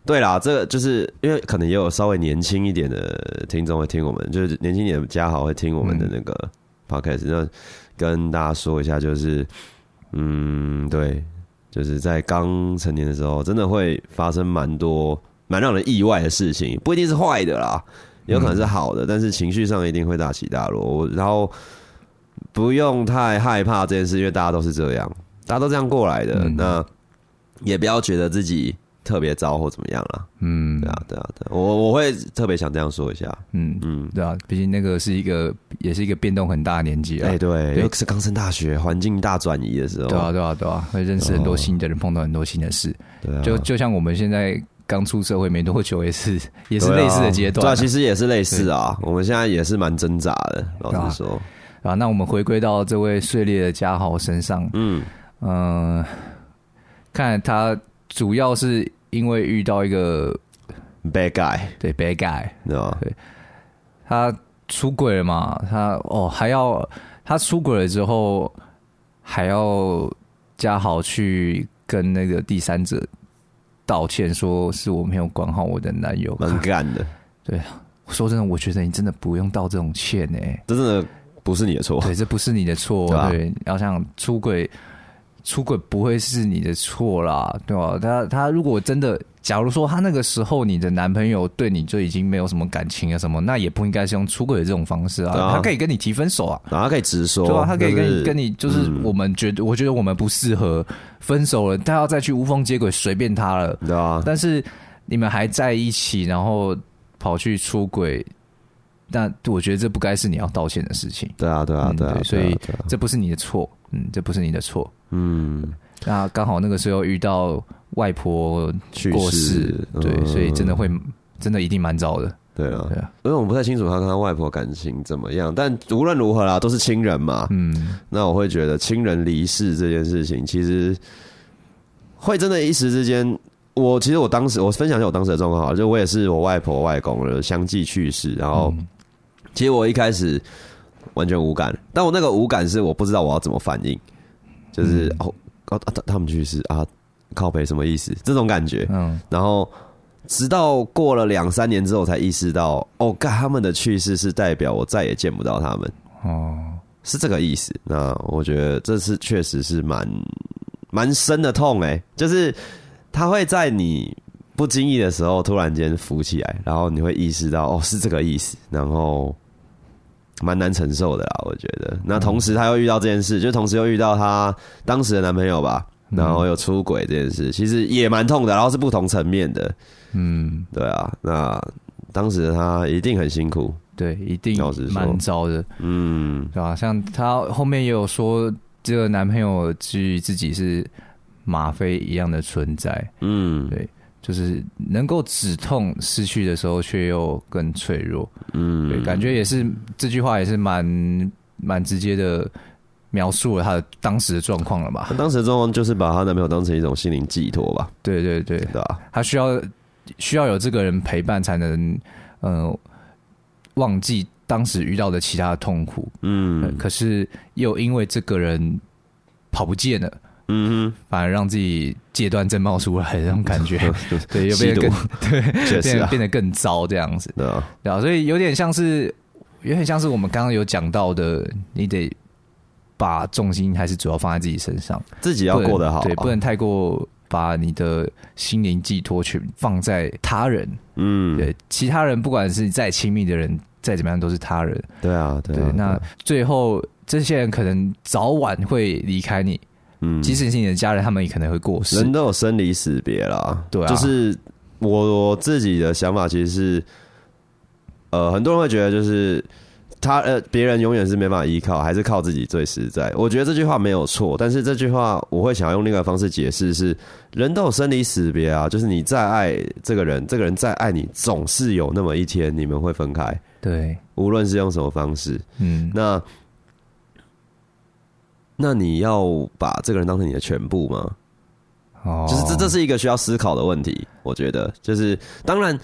對啦，這個、就是因為可能也有稍微年輕一點的聽眾會聽我們，就是年輕一點的家豪會聽我們的那個 podcast，、嗯、那。跟大家說一下，就是，嗯，對，就是在剛成年的時候，真的會發生蠻多蠻讓人意外的事情，不一定是壞的啦，有可能是好的，嗯、但是情緒上一定會大起大落。然後不用太害怕這件事，因為大家都是這樣，大家都這樣過來的。嗯啊、那也不要覺得自己。特別糟或怎麼樣了？嗯，對啊，對啊，對，我我會特別想這樣說一下。嗯嗯，對啊，畢竟那個是一個，也是一個變動很大的年紀啊。哎，對，是剛升大學，環境大轉移的時候。對啊，對啊，對啊，會認識很多新的人，碰到很多新的事。對啊，就就像我們現在剛出社會沒多久，也是也是類似的階段。對啊，其實也是類似啊。我們現在也是蠻掙扎的，老實說。啊，那我們回歸到這位碎裂的家豪身上。嗯嗯，看他。主要是因為遇到一個 bad guy，對 bad guy，No. 對吧？他出軌了嘛？他哦，還要他出軌了之後，還要家豪去跟那個第三者道歉，說是我沒有管好我的男友，蠻幹的。對，說真的，我覺得你真的不用道這種歉誒，這真的不是你的錯，對，這不是你的錯，對啊，對。然後像出軌。出軌不會是你的錯啦，對吧？他他如果真的，假如說他那個時候你的男朋友對你就已經沒有什麼感情啊，什麼那也不應該是用出軌這種方式啊。啊他可以跟你提分手啊，他可以直說，對吧？他可以跟你、就是、跟你就是我們覺得，嗯、我覺得我們不適合分手了，他要再去無縫接軌，隨便他了對啊。但是你們還在一起，然後跑去出軌，那我覺得這不該是你要道歉的事情。對啊，對啊，對啊，所以這不是你的錯，嗯，這不是你的錯。嗯，那剛好那個時候遇到外婆過世，去世，對，嗯、所以真的會，真的一定蠻早的，對啦，對啊，對啊，因為我不太清楚他跟他外婆感情怎麼樣，但無論如何啦，都是親人嘛，嗯，那我會覺得親人離世這件事情，其實會真的，一時之間，我其實我當時我分享一下我當時的狀況，就我也是我外婆外公了相繼去世，然後、嗯、其實我一開始完全無感，但我那個無感是我不知道我要怎麼反應。就是、嗯、哦、啊、哦，他他們去世啊，靠北什麼意思？這種感覺。嗯，然後直到過了兩三年之後，才意識到，哦，God，他們的去世是代表我再也見不到他們。哦，是這個意思。那我覺得這是確實是蠻蠻深的痛誒、欸，就是他會在你不經意的時候突然間浮起來，然後你會意識到，哦，是這個意思。然後。蠻難承受的啦，我覺得。那同時她又遇到這件事，嗯、就同時又遇到她當時的男朋友吧，然後又出軌這件事，其實也蠻痛的，然後是不同層面的。嗯，對啊。那當時的她一定很辛苦，對，一定蠻糟的。嗯，對吧？像她後面也有說，這個男朋友之於自己是嗎啡一樣的存在。嗯，對。就是能夠止痛，失去的時候卻又更脆弱，嗯，嗯，感覺也是這句話也是蠻蠻直接的描述了她的當時的狀況了吧？當時的狀況就是把她男朋友當成一種心靈寄托吧？對對對，對她，啊，需要需要有這個人陪伴，才能嗯，呃，忘記當時遇到的其他的痛苦，嗯，可是又因為這個人跑不見了。嗯哼，反而讓自己戒斷症冒出來的那種感覺， 對，又變得更，吸毒，對，變變得更糟這樣子，啊對啊，所以有點像是，有點像是我們剛剛有講到的，你得把重心還是主要放在自己身上，自己要過得好，對，不能太過把你的心靈寄託去放在他人，嗯，對，其他人不管是你再親密的人，再怎麼樣都是他人，對啊，對，那最後這些人可能早晚會離開你。嗯，即使是你的家人，嗯、他們也可能會過世。人都有生離死別啦，對、啊，就是我我自己的想法，其實是，呃，很多人會覺得，就是他呃，別人永遠是沒法依靠，還是靠自己最實在。我覺得這句話沒有錯，但是這句話我會想要用另外一個方式解釋是：是人都有生離死別啊，就是你再愛這個人，這個人再愛你，總是有那麼一天，你們會分開。對，無論是用什麼方式，嗯，那。那你要把這個人當成你的全部嗎？哦，oh. 就是這這是一個需要思考的問題，我覺得就是當然，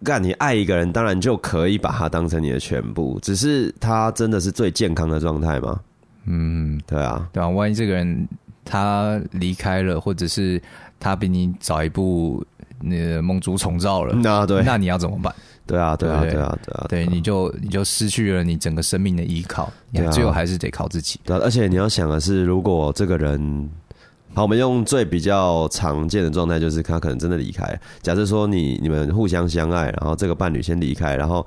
讓你愛一個人，當然就可以把他當成你的全部，只是他真的是最健康的狀態嗎？嗯，對啊，對啊，萬一這個人他離開了，或者是他比你早一步那個蒙主寵召了，那、啊、對，那你要怎麼辦？對啊，對啊，對，對啊，對啊，對，你就你就失去了你整個生命的依靠，你，啊，最後還是得靠自己。對，啊、對啊，而且你要想的是，如果這個人，好，我們用最比較常見的狀態，就是他可能真的離開。假設說你你們互相相愛，然後這個伴侶先離開，然後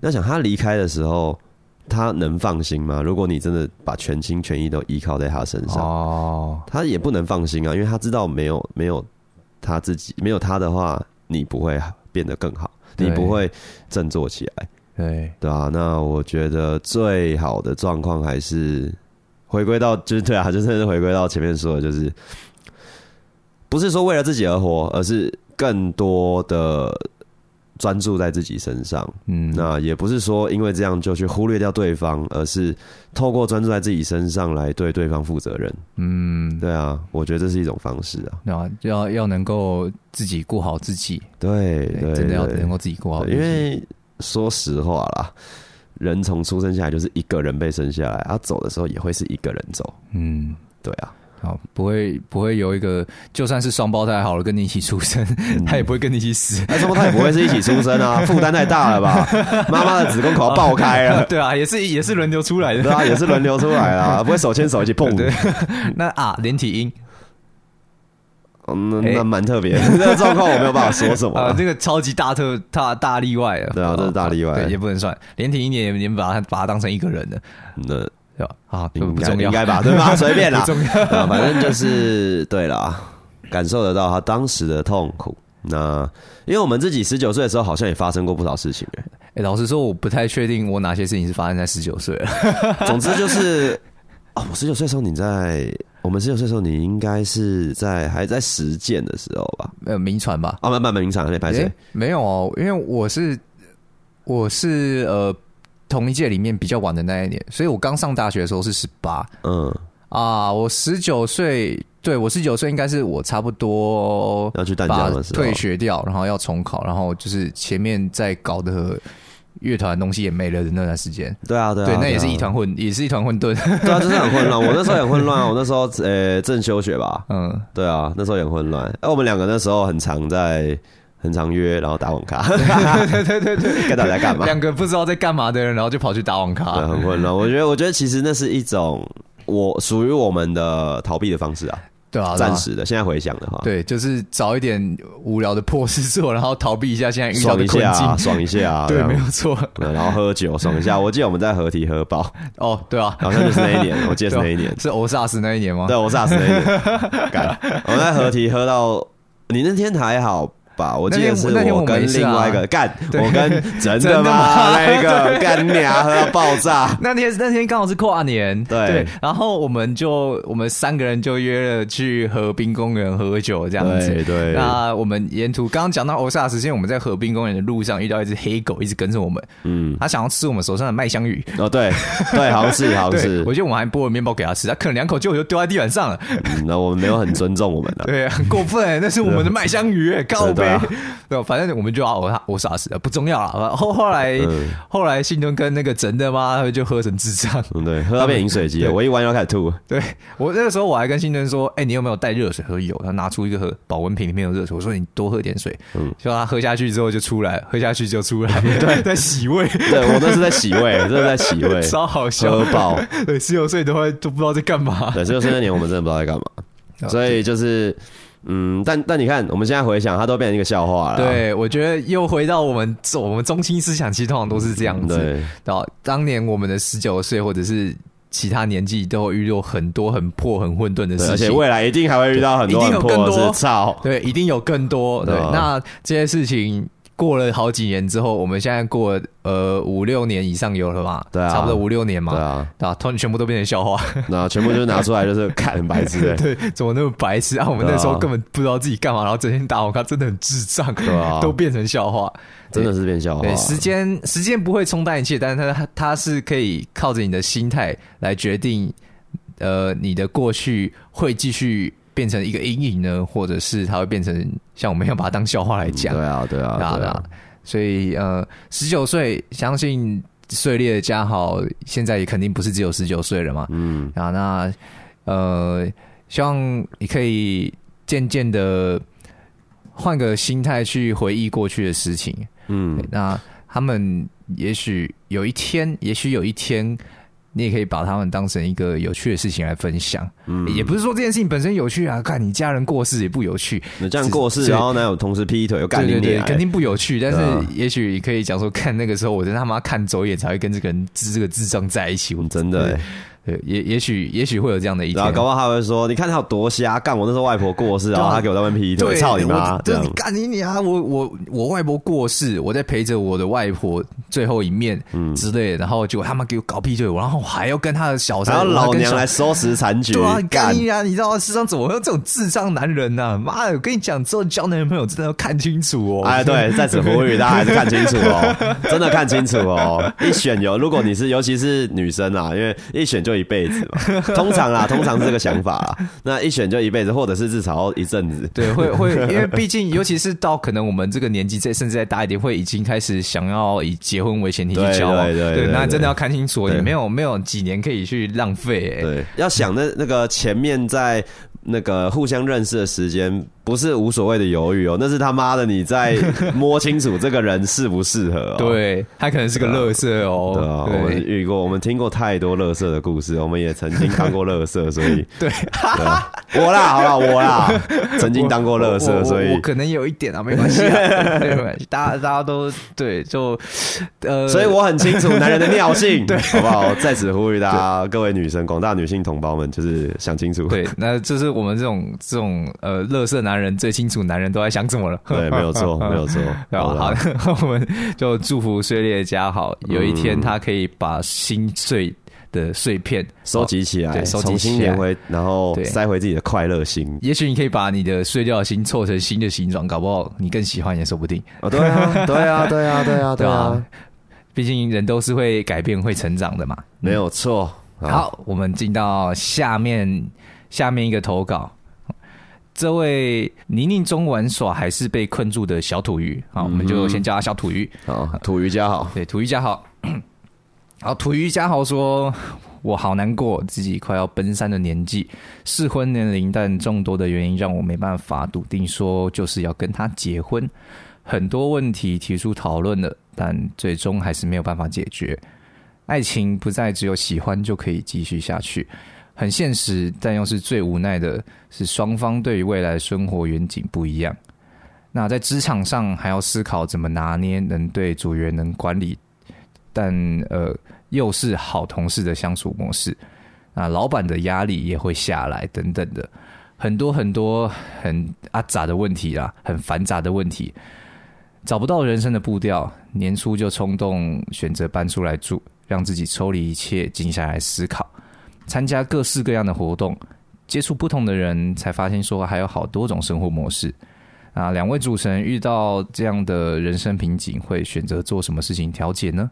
要想他離開的時候，他能放心嗎？如果你真的把全心全意都依靠在他身上，哦，他也不能放心啊，因為他知道沒有沒有他自己，沒有他的話，你不會變得更好。你不會振作起來，對對啊，那我覺得最好的狀況還是回歸到，就是對啊，就是回歸到前面說的，就是不是說為了自己而活，而是更多的。專注在自己身上，嗯，那也不是說因為這樣就去忽略掉對方，而是透過專注在自己身上來對對方負責任。嗯，對啊，我覺得這是一種方式啊。那要要能夠自己過好自己，對，真的要能夠自己過好。因為說實話啦，人從出生下來就是一個人被生下來，他、啊、走的時候也會是一個人走。嗯，對啊。不會，不會有一個，就算是雙胞胎好了，跟你一起出生，他也不會跟你一起死。他說他也不會是一起出生啊，負擔太大了吧？媽媽的子宮口要爆開了。對啊，也是也是輪流出來的，對啊，也是輪流出來的，不會手牽手一起碰的。那啊，連體嬰，嗯，那那蠻特別的。那狀況我沒有辦法說什麼。這個超級大特大大例外啊，對啊，這是大例外，也不能算連體嬰，您把它把它當成一個人的。那。對吧？啊，該不重要，應該吧，對吧？隨 便了啦， 反正就是對啦，感受得到他當時的痛苦。那因為我們自己十九歲的時候，好像也發生過不少事情。哎、欸，老實說，我不太確定我哪些事情是發生在十九歲。總之就是，啊、 哦，我十九歲時候你在我們十九歲時候，你應該是在還在實踐的時候吧？沒有名傳吧？啊、哦，慢慢沒名傳，沒拍戲。沒有哦，因為我是，我是，呃。同一屆裡面比較晚的那一年，所以我剛上大學的時候是十八、嗯。嗯啊、呃，我十九歲，對我十九歲應該是我差不多要去淡江的時候退學掉，然後要重考，然後就是前面在搞的樂團東西也沒了的那段時間。對啊對，啊對，啊對，那也是一團混，也是一團混沌。對啊，就是很混亂。 我那時候很混亂，我那時候呃正休學吧。嗯，對啊，那時候也很混亂。哎、欸，我們兩個那時候很常在。很常約，然後打網咖，對對對對對，到底在幹嘛？兩個不知道在幹嘛的人，然後就跑去打網咖，對，很混亂。我覺得，我覺得其實那是一種我屬於我們的逃避的方式啊，對啊，暫時的，現在回想的話，對，就是找一點無聊的破事做，然後逃避一下現在遇到的困境啊，爽一下，對，沒有錯。然後喝酒，爽一下。我記得我們在合體喝飽，哦，對啊，好像就是那一年，我記得是那一年，是薩斯那一年嗎？對，薩斯那一年，我們在合體喝到你那天還好吧，我今天是我跟另外一個乾，我跟真的嗎？那個乾娘喝到爆炸。那天那天剛好是跨年，對。然後我們就我們三個人就約了去河濱公園喝酒，這樣子。對。那我們沿途剛剛講到歐莎，是因為我們在河濱公園的路上遇到一只黑狗，一直跟着我們。嗯。他想要吃我們手上的麥香魚。哦，對，對，好像是，好像是。我覺得我們還剝了面包給他吃，他啃兩口就就丟在地板上了。那我們沒有很尊重我們了。對，很過分。那是我們的麥香魚，告。對，反正我們就把我傻死了，不重要了。後後來後來，信東跟那個真的媽就喝成智障，對，喝到變飲水機了。我一玩又開始吐。對，我那個時候，我還跟信東說：“哎，你有沒有帶熱水？”喝？有。”他拿出一個保溫瓶，裡面有熱水。我說：“你多喝點水。”嗯，希望他喝下去之後就出來，喝下去就出來。對，在洗胃。對，我都是在洗胃，真的在洗胃，超好笑，喝爆。對，十九歲都會都不知道在幹嘛。對，十九歲那年我們真的不知道在幹嘛，所以就是。嗯，但但你看，我們現在回想，它都變成一個笑話了。對，我覺得又回到我們我們中心思想，其實通常都是這樣子。到對當年我們的十九歲，或者是其他年紀，都遇到很多很破、很混沌的事情。而且未來一定還會遇到很多很破對，一定有更多。操，對，一定有更多。對，對那這些事情。過了好幾年之後，我們現在過了呃五六年以上有了吧？對啊，差不多五六年嘛。對啊，對吧，啊？全全部都變成笑話，那、啊、全部就拿出來就是看很白痴欸。 對，怎麼那麼白痴啊，啊？我們那時候根本不知道自己幹嘛，然後整天打網咖，真的很智障。對啊，都變成笑話，真的是變笑話。對對，時間時間不會沖淡一切，但是它它是可以靠着你的心態來決定，呃，你的過去會繼續變成一個陰影呢，或者是他會變成像我們要把它當笑話來講，嗯，對啊，對啊，對啊，對啊，所以呃，十九歲，相信碎裂的家豪，現在也肯定不是只有十九歲了嘛，嗯，啊，那呃，希望你可以漸漸的換個心態去回憶過去的事情，嗯，那他們也許有一天，也許有一天。你也可以把他們當成一個有趣的事情來分享，嗯欸、也不是說這件事情本身有趣啊。看你家人過世也不有趣，嗯、這樣過世是對然後呢，有同事劈腿又干另戀，肯定不有趣，哦、但是也許可以講說，看那個時候，我真的他媽看走眼，才會跟這個人、這個智障在一起，我真的。嗯真的欸也也許也許會有這樣的一天，搞不好他會說：“你看他有多瞎，幹我那時候外婆過世，然後他給我在那邊劈腿，操你媽！”對。你幹你你啊，我我我外婆過世，我在陪着我的外婆最後一面之類的，然後就他媽給我搞劈腿，然後我還要跟他的小三老娘來收拾殘局，對啊，幹你啊！你知道世上怎麼會有這種智障男人呢？媽的，我跟你講，之後交男朋友真的要看清楚哦。哎，對，在此呼籲大家還是看清楚哦，真的看清楚哦。一選有，如果你是尤其是女生啊，因為一選就。一輩子嘛，通常啊，通常是這個想法啊， 那一選就一輩子，或者是至少要一陣子。對，會會，因為畢竟，尤其是到可能我們這個年紀，再甚至再大一點，會已經開始想要以結婚為前提去交往。對對，對，對，對，對，對對，對那真的要看清楚，也沒有沒有幾年可以去浪費、欸。對，要想那那個前面在那個互相認識的時間。不是無所謂的猶豫哦、喔，那是他媽的你在摸清楚這個人適不適合、喔。對，他可能是個樂色哦。對啊，我們遇過，我們聽過太多樂色的故事，我們也曾經當過樂色，所以對，對、啊、我啦，好不好？我啦，曾經當過樂色，所以我我我我我可能有一點啊，沒關係、啊， 沒關係。大家大家都對，就呃，所以我很清楚男人的尿性， 對，好不好？在此呼籲大家，對各位女生、廣大女性同胞們，就是想清楚。對，那就是我們這種這種呃樂色男。男人最清楚，男人都在想什麼了？對，沒有錯，沒有錯。對吧？好，我們就祝福碎裂家豪，有一天他可以把心碎的碎片收集起來，收集起來，然後塞回自己的快樂心。也許你可以把你的碎掉的心湊成新的形狀，搞不好你更喜歡也說不定。哦，對啊，對啊，對啊，對啊，對啊！畢竟人都是會改變、會成長的嘛。沒有錯。好，我們進到下面下面一個投稿。這位泥濘中玩耍還是被困住的小土魚，好，我們就先叫他小土魚。嗯、好，土魚家好，對，土魚家好。好，土魚家豪說：“我好難過，自己快要奔三的年紀，適婚年齡，但眾多的原因讓我沒辦法篤定說就是要跟他結婚。很多問題提出討論了，但最終還是沒有辦法解決。愛情不再只有喜歡就可以繼續下去。”很現實，但又是最無奈的，是雙方對於未來的生活遠景不一樣。那在職場上還要思考怎麼拿捏，能對組員能管理，但呃又是好同事的相處模式。那，老闆的壓力也會下來，等等的，很多很多很阿雜的問題啦，很繁雜的問題，找不到人生的步調。年初就衝動選擇搬出來住，讓自己抽離一切，靜下來思考。參加各式各樣的活動，接觸不同的人，才發現說還有好多種生活模式啊！兩位主持人遇到這樣的人生瓶頸，會選擇做什麼事情調節呢？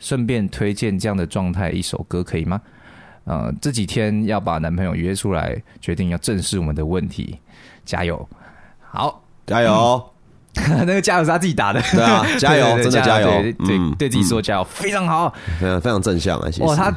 順便推薦這樣的狀態一首歌可以嗎？呃，這幾天要把男朋友約出來，決定要正視我們的問題，加油！好，加油、嗯！那個加油是他自己打的，對啊，加油， 對對對，真的加油，對，對自己說加油，嗯、非常好，非常、嗯、非常正向啊！謝謝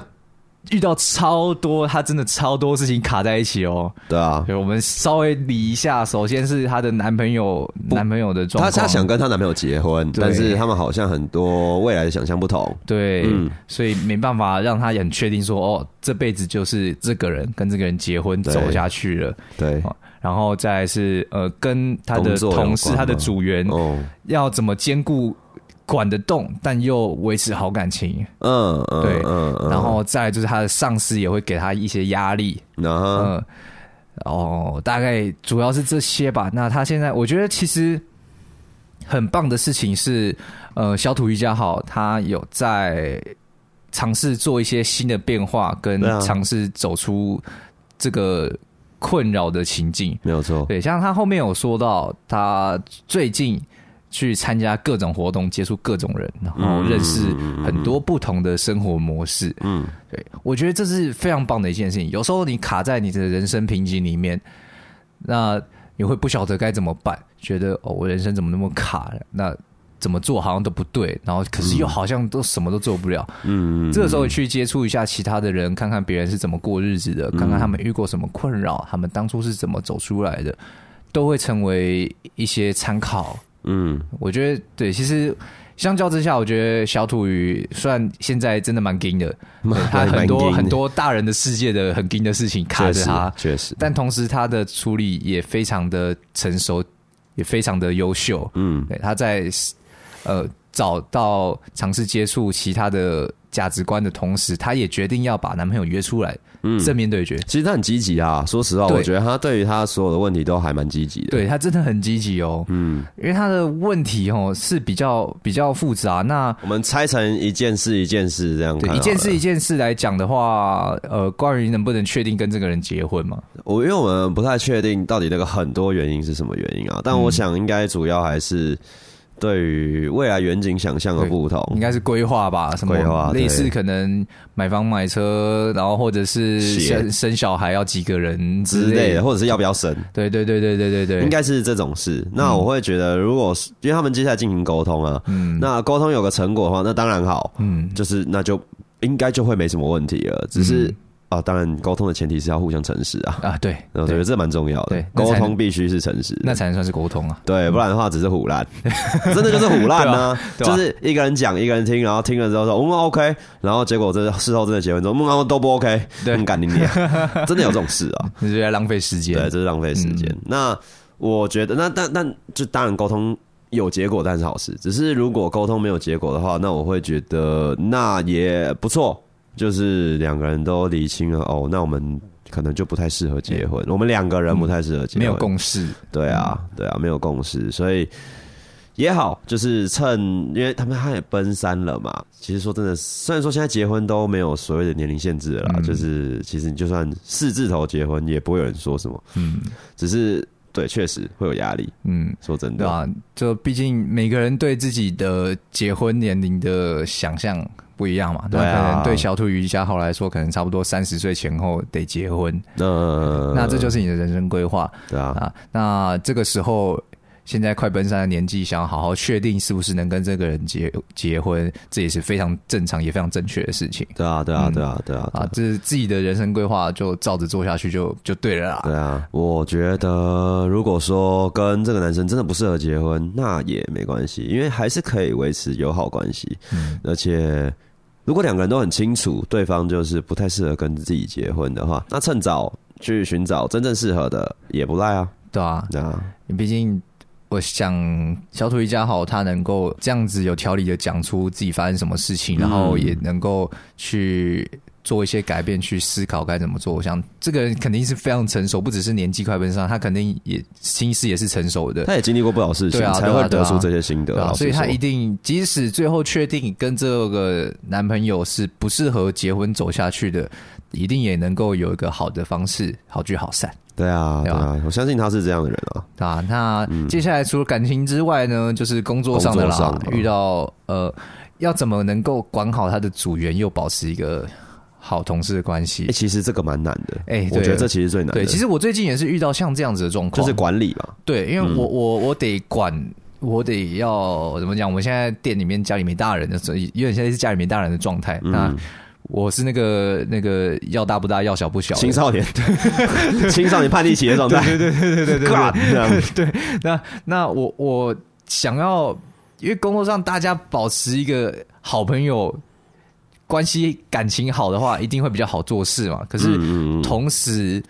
遇到超多，她真的超多事情卡在一起哦。對啊，所以我們稍微理一下。首先是她的男朋友，不男朋友的狀況，她想跟她男朋友結婚，對但是他們好像很多未來的想象不同。對，嗯、所以沒辦法讓她也很確定說，哦，這輩子就是這個人跟這個人結婚走下去了。對，對、哦，然後再來是呃，跟她的同事、她的組員，哦、要怎麼兼顧？管得動，但又維持好感情，嗯嗯，對，然後再就是他的上司也會給他一些壓力，uh huh. 嗯，然後，哦，大概主要是這些吧。那他現在，我覺得其實很棒的事情是，呃，小土瑜家好，他有在嘗試做一些新的變化，跟嘗試走出這個困擾的情境，沒有錯。對，像他後面有說到，他最近。去參加各種活動，接觸各種人，然後認識很多不同的生活模式。嗯，嗯嗯嗯，對，我覺得這是非常棒的一件事情。有時候你卡在你的人生瓶頸裡面，那你會不曉得該怎麼辦，覺得哦，我人生怎麼那麼卡？那怎麼做好像都不對，然後可是又好像都什麼都做不了。嗯，這個時候去接觸一下其他的人，看看別人是怎麼過日子的，嗯，看看他們遇過什麼困擾，他們當初是怎麼走出來的，都會成為一些參考。嗯，我覺得對，其實相較之下，我覺得小土魚雖然現在真的蠻 g n 的，的、欸，他很多很多大人的世界的很 g n 的事情卡着他，確，確實，嗯、但同時他的處理也非常的成熟，也非常的優秀。嗯、欸，他在呃找到嘗試接觸其他的，價值觀的同時，她也決定要把男朋友約出來正面對決。嗯、其實她很積極啊，說實話，對，我覺得她對於她所有的問題都還蠻積極的。對她真的很積極哦，嗯，因為她的問題哦是比較比較複雜。那我們拆成一件事一件事這樣子對，一件事一件事來講的話，呃，關於能不能確定跟這個人結婚嘛？我因為我們不太確定到底那個很多原因是什麼原因啊，但我想應該主要還是。嗯對於未來遠景想象的不同，應該是規劃吧？什麼規劃類似可能買房買車，然後或者是生血生小孩要幾個人之類、之類的，或者是要不要生？對，對對對對對對應該是這種事。那我會覺得，如果是、嗯、因為他們接下來進行溝通啊，嗯、那溝通有個成果的話，那當然好。嗯，就是那就應該就會沒什麼問題了，只是。嗯啊，當然，溝通的前提是要互相誠實啊！啊，對，我覺得這蠻重要的。溝通必須是誠實，那才能算是溝通啊。對，不然的話只是唬爛，嗯、 真的就是唬爛啊！啊啊就是一個人講，一個人聽，然後聽了之後說我們、嗯、OK，然後結果這事後真的結婚中，我、嗯、們都不 OK，幹你娘，真的有這種事啊！你覺 得要浪費時間，對，這、就是浪費時間。嗯、那我覺得，那但但就當然，溝通有結果，但是好事。只是如果溝通沒有結果的話，那我會覺得那也不錯。就是兩個人都釐清了哦，那我們可能就不太適合結婚。嗯、我們兩個人不太適合結婚，嗯，沒有共識。對啊，對啊，沒有共識，所以也好，就是趁因為他們他也奔三了嘛。其實說真的，雖然說現在結婚都沒有所謂的年齡限制了啦，嗯、就是其實你就算四字頭結婚也不會有人說什麼。嗯，只是。對，確實會有壓力。嗯，說真的，啊就畢竟每個人對自己的結婚年齡的想象不一樣嘛。對、啊，可能對小兔魚家豪來說，可能差不多三十歲前後得結婚。那、呃、 那這就是你的人生規劃，對啊。啊，那這個時候。現在快奔三的年紀，想好好確定是不是能跟這個人結結婚，這也是非常正常、也非常正確的事情。對啊，對啊，對啊，對啊啊！這、就是、自己的人生規劃就照着做下去就，就就對了啊。對啊，我覺得如果說跟這個男生真的不適合結婚，那也沒關係，因為還是可以維持友好關係。嗯、而且如果兩個人都很清楚對方就是不太適合跟自己結婚的話，那趁早去尋找真正適合的也不賴啊。對啊，對啊那，你畢竟。我想小土一家好，他能夠這樣子有條理的講出自己發生什麼事情，嗯、然後也能夠去做一些改變，去思考該怎麼做。我想這個人肯定是非常成熟，不只是年紀快奔上，他肯定也心思也是成熟的。他也經歷過不少事情，才會得出這些心得。啊啊啊、所以，他一定即使最後確定跟這個男朋友是不適合結婚走下去的，一定也能夠有一個好的方式，好聚好散。對啊，啊，我相信他是這樣的人啊。啊，那接下來除了感情之外呢，就是工作上的啦，遇到呃，要怎麼能夠管好他的組員，又保持一個好同事的關係？其實這個蠻難的，哎，我覺得這其實最難。對，其實我最近也是遇到像這樣子的狀況，就是管理嘛。對，因為我我我得管，我得要怎麼講？我現在店裡面家裡沒大人的，所以因為現在是家裡沒大人的狀態，那。我是那個那個要大不大、要小不小，青少年。對，對青少年叛逆期的狀態，對對對對對對，這樣，對對對，那那我我想要，因為工作上大家保持一個好朋友關係，感情好的話，一定會比較好做事嘛。可是同時。嗯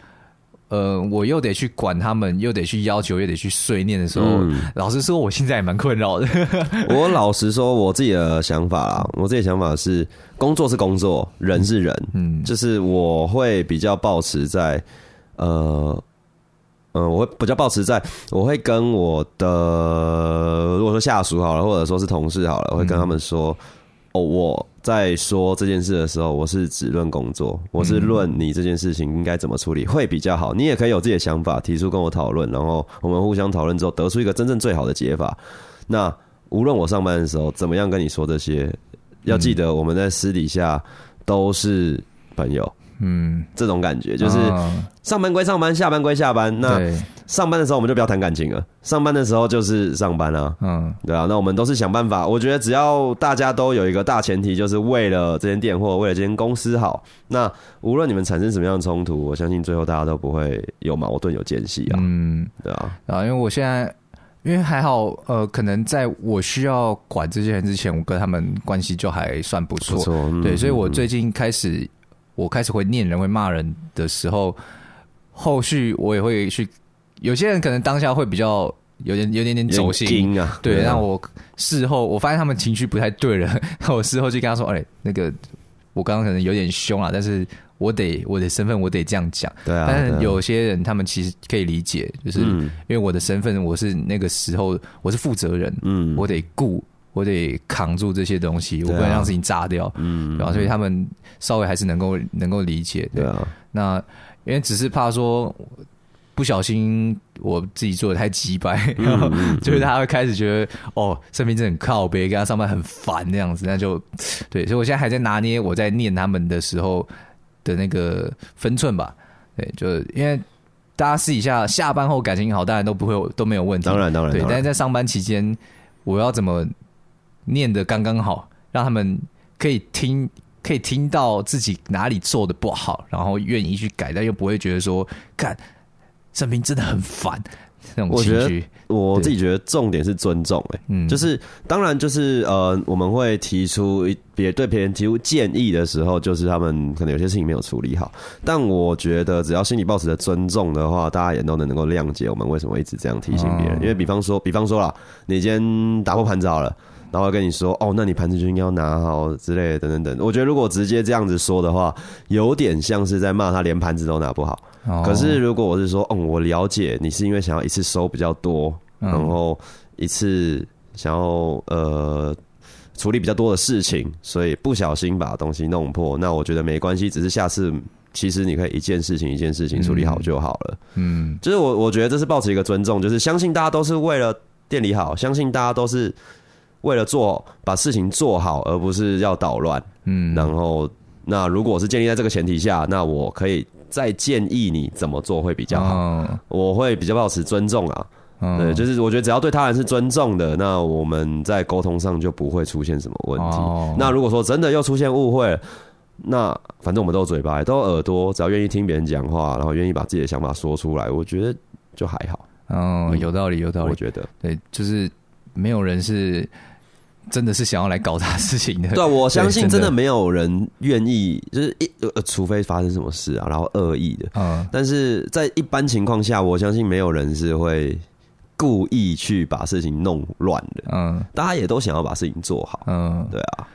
呃，我又得去管他們，又得去要求，又得去碎念的時候，嗯、老實說，我現在也蠻困擾的。 我老實說我自己的想法啦，我自己的想法是，工作是工作，人是人，嗯，就是我會比較保持在呃，呃，我會比較保持在，我會跟我的，如果說下屬好了，或者說是同事好了，我會跟他們說。嗯。哦，oh, 我在說這件事的時候，我是只論工作，我是論你這件事情應該怎麼處理，嗯，會比較好。你也可以有自己的想法，提出跟我討論，然後我們互相討論之後，得出一個真正最好的解法。那無論我上班的時候怎麼樣跟你說這些，嗯，要記得我們在私底下都是朋友。嗯，這種感覺就是上班歸上班，嗯、下班歸下班。對那上班的時候我們就不要談感情了，上班的時候就是上班啊。嗯，對啊。那我們都是想辦法。我覺得只要大家都有一個大前提，就是為了這間店或為了這間公司好。那無論你們產生什麼樣的衝突，我相信最後大家都不會有矛盾、有間隙啊。嗯，對啊。啊，因為我現在因為還好，呃，可能在我需要管這些人之前，我跟他們關係就還算不錯。不錯，嗯、對，所以我最近開始，我開始會念人，會罵人的時候，後續我也會去。有些人可能當下會比較有點、有點有點走心，啊、對。那、啊、我事後我發現他們情緒不太對了，我事後就跟他說：“哎、欸，那個我剛剛可能有點凶啊，但是我得我的身份，我得這樣講。”對啊。但是有些人、啊、他們其實可以理解，就是因為我的身份，我是那個時候我是負責人，嗯，我得顧。我得扛住這些東西，我不能讓自己炸掉，嗯、啊，然後、啊、所以他們稍微還是能夠能夠理解，對，對啊。那因為只是怕說不小心我自己做的太雞掰，嗯、 就是他會開始覺得、嗯、哦，身邊真很靠北，跟他上班很煩那樣子，那就對。所以我現在還在拿捏我在念他們的時候的那個分寸吧，對，就因為大家私底下下班後感情好，大家都不會都沒有問題，當然當然對。然但是在上班期間，我要怎麼？念得剛剛好，讓他們可以聽，可以聽到自己哪裡做的不好，然後願意去改，但又不會覺得說“看，這名真的很煩”那種情緒。我，對我自己覺得重點是尊重、欸，哎、嗯，就是當然就是呃，我們會提出別對別人提出建議的時候，就是他們可能有些事情沒有處理好。但我覺得只要心裡保持的尊重的話，大家也都能能夠諒解我們為什麼一直這樣提醒別人，嗯、因為比方說，比方說啦，你今天打破盤子好了，然後跟你說哦，那你盤子就應該要拿好之類的等等等。我覺得如果直接這樣子說的話，有點像是在罵他連盤子都拿不好。哦、可是如果我是說，嗯、哦，我了解你是因為想要一次收比較多，嗯、然後一次想要呃處理比較多的事情，所以不小心把東西弄破，那我覺得沒關係，只是下次其實你可以一件事情一件事情處理好就好了。嗯，就是我我覺得這是抱持一個尊重，就是相信大家都是為了店裡好，相信大家都是。為了做把事情做好，而不是要搗亂，嗯，然後那如果我是建立在這個前提下，那我可以再建議你怎麼做會比較好。哦、我會比較保持尊重啊，哦、對，就是我覺得只要對他人是尊重的，那我們在溝通上就不會出現什麼問題。哦、那如果說真的又出現誤會，那反正我們都有嘴巴都有耳朵，只要願意聽別人講話，然後願意把自己的想法說出來，我覺得就還好。哦、嗯、有道理，有道理，我覺得對，就是沒有人是。真的是想要來搞他事情的，對，我相信真的沒有人願意，就是一呃，除非發生什麼事啊，然後惡意的，但是在一般情況下，我相信沒有人是會故意去把事情弄亂的，嗯，大家也都想要把事情做好，嗯，對啊，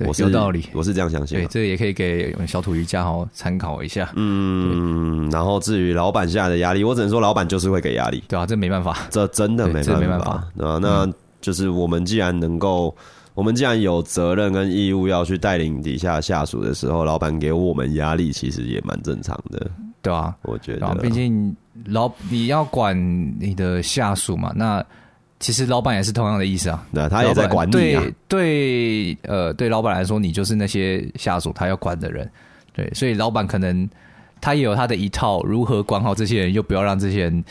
我是有道理，我是這樣相信，對，這也可以給小土魚家好參考一下，嗯，然後至於老闆下的壓力，我只能說老闆就是會給壓力，對啊，這沒辦法，這真的沒辦法，對啊，那。就是我們既然能夠，我們既然有責任跟義務要去帶領底下下屬的時候，老板給我們壓力其實也蠻正常的，對啊，我覺得，啊，畢竟老你要管你的下屬嘛，那其實老板也是同樣的意思啊，那他也在管你啊。對，對，呃，對老板來說，你就是那些下屬他要管的人。對，所以老板可能他也有他的一套，如何管好這些人，又不要讓這些人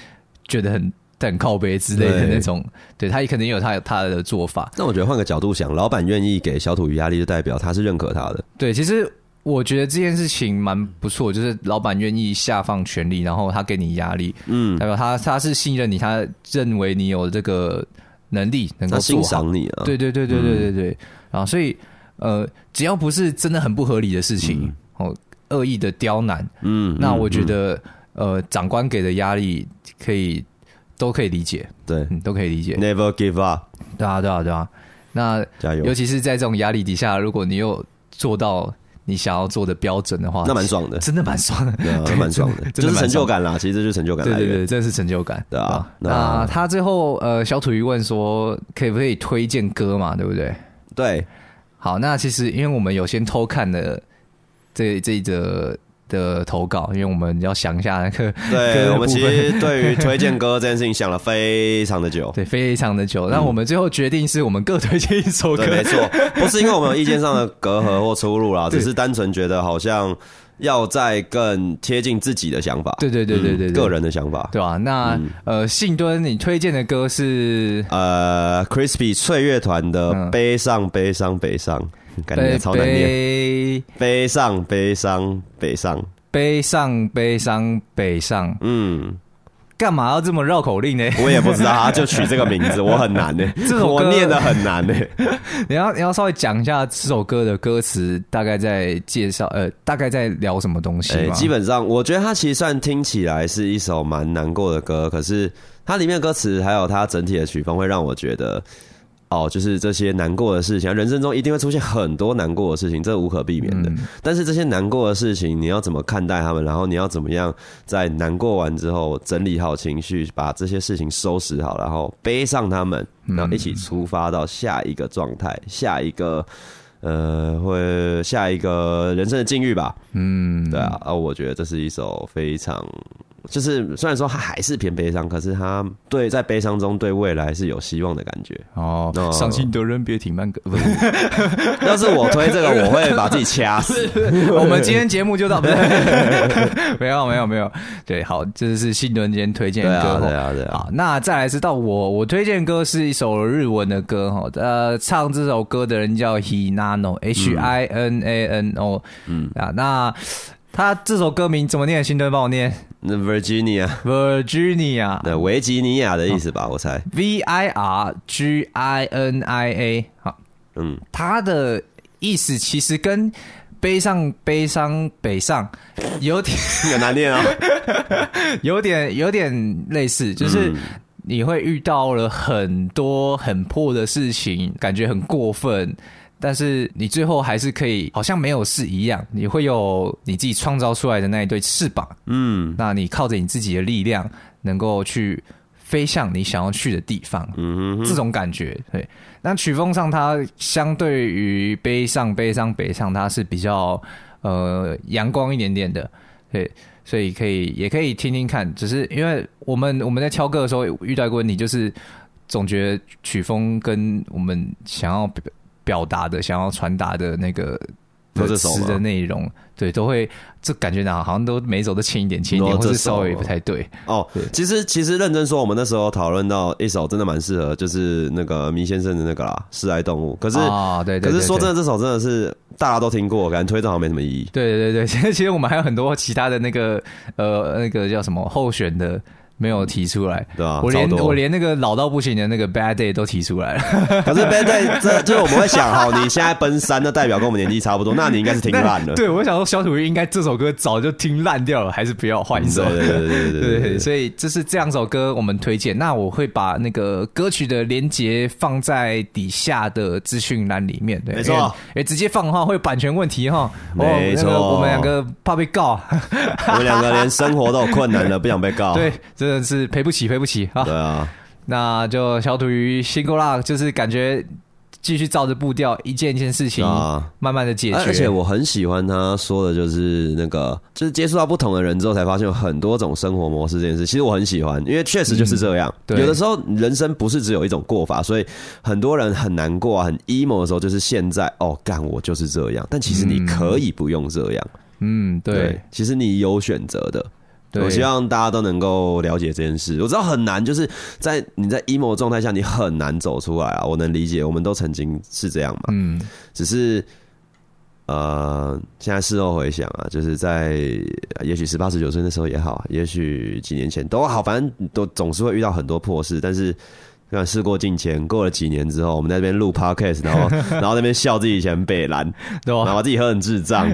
覺得很。等、靠背之類的那種，對，他可能也肯定有他的他的做法。那我覺得換個角度想，老闆願意給小土魚壓力，就代表他是認可他的。對，其實我覺得這件事情蠻不錯，就是老闆願意下放權力，然後他給你壓力，嗯，代表他他是信任你，他認為你有這個能力能夠做，欣賞你，對對對對對對對。啊，所以呃，只要不是真的很不合理的事情，哦，惡意的刁難，嗯，那我覺得呃，長官給的壓力可以。都可以理解，對，都可以理解。Never give up，對啊，對啊，對啊。那加油，尤其是在這種壓力底下，如果你又做到你想要做的標準的話，那蠻爽的，真的蠻爽的，蠻爽的，就是成就感啦。其實就是成就感，對對對，真的是成就感。對啊，那他最後呃，小土魚問說，可以不可以推薦歌嘛？對不對？對，好，那其實因為我們有先偷看了這這一則的投稿，因為我們要想一下那個對，對我們其實對於推薦歌這件事情想了非常的久， 對，非常的久。嗯、那我們最後決定是我們各推薦一首歌，沒錯，不是因為我們有意見上的隔閡或出入啦， 對只是單純覺得好像要再更貼近自己的想法，對對對對對、嗯，個人的想法，對啊。那、嗯、呃，信敦，你推薦的歌是呃，Crispy 脆樂團的《揹上悲傷北上》。感覺超難念，悲悲悲傷悲傷背上悲傷北上，上上上上上嗯，幹嘛要這麼繞口令呢？我也不知道他、啊、就取這個名字， 我很難呢、欸，這首歌我念得很難呢、欸。 你要你要稍微講一下這首歌的歌詞，大概在介紹，呃，大概在聊什麼東西、欸？基本上，我覺得它其實算聽起來是一首蠻難過的歌，可是它裡面的歌詞還有它整體的曲風，會讓我覺得。哦，就是這些難過的事情，人生中一定會出現很多難過的事情，這無可避免的。但是這些難過的事情，你要怎麼看待他們？然後你要怎麼樣在難過完之後整理好情緒，把這些事情收拾好，然後背上他們，然後一起出發到下一個狀態，下一個呃，會下一個人生的境遇吧。嗯，對啊，啊，我覺得這是一首非常。就是雖然說他還是偏悲傷，可是他對在悲傷中對未來是有希望的感覺哦。傷 No, 心的人別聽慢歌。要 是我推這個，我會把自己掐死。 是 我們今天節目就到。 沒有沒有沒有，對，好，這是新人間推薦的歌。對啊對啊，對啊。好，那再來是到我我推薦歌是一首日文的歌哈。呃，唱這首歌的人叫 Hinano H, ano, H I N A N O 嗯。嗯啊那。他這首歌名怎麼念？新德幫我念。Virginia，Virginia，維 Virginia, 吉尼亞的意思吧，好我猜。Virginia，它、嗯、的意思其實跟“悲傷”、“悲傷”、“北上”有點 有難念啊、哦， 有點有點類似，就是你會遇到了很多很破的事情，感覺很過分。但是你最後還是可以好像沒有事一樣，你會有你自己創造出來的那一對翅膀，嗯，那你靠着你自己的力量，能夠去飛向你想要去的地方，嗯哼哼，這種感覺，對。那曲風上，它相對於《揹上》《揹上》《北上》，它是比較呃陽光一點點的，對，所以可以也可以聽聽看。只是因為我們我們在挑歌的時候遇到過你就是總覺得曲風跟我們想要。表達的想要傳達的那個詞的內容，對，都會就感覺哪好像都每一首都輕一點，輕一點，或者稍微不太對哦。對，其實其實認真說，我們那時候討論到一首真的蠻適合，就是那個明先生的那個啦，《示愛動物》。可是啊、哦，對，對，對，對，可是說真的，這首真的是大家都聽過，感覺推薦好像沒什麼意義。對對對對，其實其實我們還有很多其他的那個呃那個叫什麼候選的。沒有提出來，對啊，我連我連那個老到不行的那個 Bad Day 都提出來了。 可是 Bad Day 這就是我們會想哈， 你現在奔三的代表跟我們年紀差不多，那你應該是聽爛了。對，我想說小土魚應該這首歌早就聽爛掉了，還是不要換一首？對對對對對，對，對。所以這是這兩首歌我們推薦。那我會把那個歌曲的連接放在底下的資訊欄裡面。對沒錯，哎、呃，直接放的話會有版權問題哈。哦、沒錯，哦那個、我們兩個怕被告， 我們兩個連生活都有困難了，不想被告。 對，真的真是賠不起，賠不起啊！對啊，那就小土魚辛苦啦，就是感覺繼續照着步調，一件一件事情啊慢慢的解決。而且我很喜歡他說的，就是那個，就是接觸到不同的人之後，才發現有很多種生活模式這件事，其實我很喜歡，因為確實就是這樣。嗯、對。有的時候人生不是只有一種過法，所以很多人很難過啊，很 emo 的時候，就是現在哦，幹我就是這樣。但其實你可以不用這樣，嗯，對，嗯，對，其實你有選擇的。對 我希望大家都能夠了解這件事。我知道很難，就是在你在 emo 狀態下，你很難走出來啊。我能理解，我們都曾經是這樣嘛。嗯，只是呃，現在事後回想啊，就是在也許十八、十九歲那時候也好，也許幾年前都好，反正都總是會遇到很多破事，但是。那事過境遷，過了幾年之後，我們在這邊錄 podcast，然後然後在那邊笑自己以前北爛， 然後自己很智障，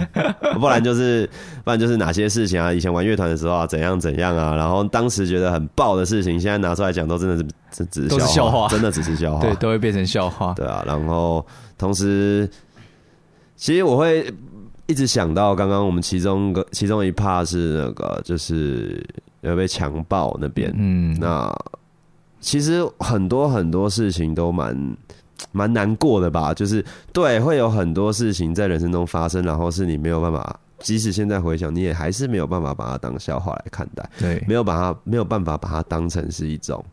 不然就是不然就是哪些事情啊？以前玩樂團的時候啊，怎樣怎樣啊？然後當時覺得很爆的事情，現在拿出來講都真的是只是笑話，笑話真的只是笑話，對，都會變成笑話。對啊，然後同時，其實我會一直想到剛剛我們其中個其中一 part 是那個就是有被強暴那邊，嗯，那。其實很多很多事情都蠻蠻難過的吧，就是對，會有很多事情在人生中發生，然後是你沒有辦法，即使現在回想，你也還是沒有辦法把它當笑話來看待，對，沒有把它，沒有辦法把它當成是一種，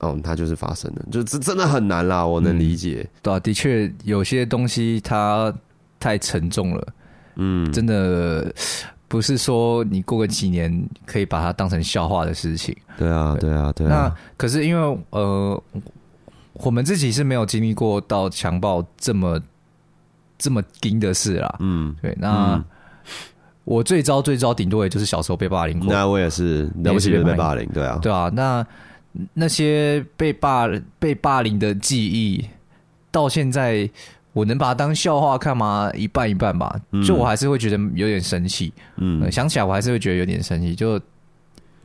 哦，它就是發生的，就這真的很難啦，我能理解，嗯，對啊，的確有些東西它太沉重了，嗯，真的。不是說你過個幾年可以把它當成笑話的事情，對啊，對啊，對啊，對。那可是因為呃，我們自己是沒有經歷過到強暴這麼這麼驚的事啦。嗯，對。那、嗯、我最糟最糟，頂多也就是小時候被霸凌過。那我也是，你也是被霸凌，對啊，對啊。那那些被霸被霸凌的記憶，到現在。我能把它當笑話看嗎？一半一半吧，就我還是會覺得有點生氣。嗯、嗯、呃，想起來我還是會覺得有點生氣，就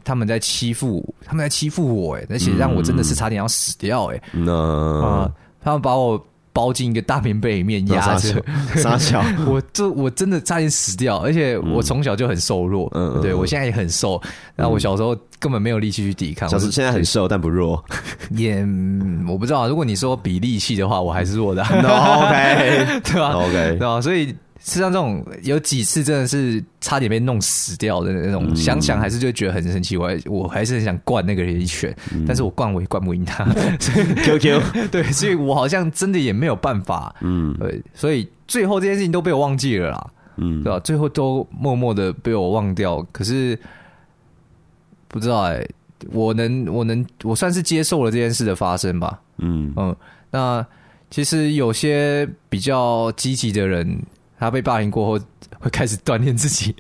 他們在欺負，他們在欺負我欸，而且讓我真的是差點要死掉哎、欸嗯。那啊、呃，他們把我。包進一個大棉被裡面壓着、哦，傻笑我就。我這我真的差點死掉，而且我從小就很瘦弱，嗯，對我現在也很瘦。然後我小時候根本沒有力氣去抵抗。嗯、是小時候現在很瘦 但不弱，也、yeah, 嗯、我不知道。如果你說比力氣的話，我還是弱的、啊。No, OK， 對吧 no,？OK，對吧？所以。實際上，這種有幾次真的是差點被弄死掉的那種，想想還是就覺得很神奇。我還我還是很想灌那個人一拳，但是我灌我也灌不贏他。Q Q，對，所以我好像真的也沒有辦法。嗯，對，所以最後這件事情都被我忘記了啦。嗯，對吧？最後都默默的被我忘掉。可是不知道哎，我能，我能，我算是接受了這件事的發生吧。嗯嗯，那其實有些比較積極的人。他被霸凌過後，會開始鍛鍊自己，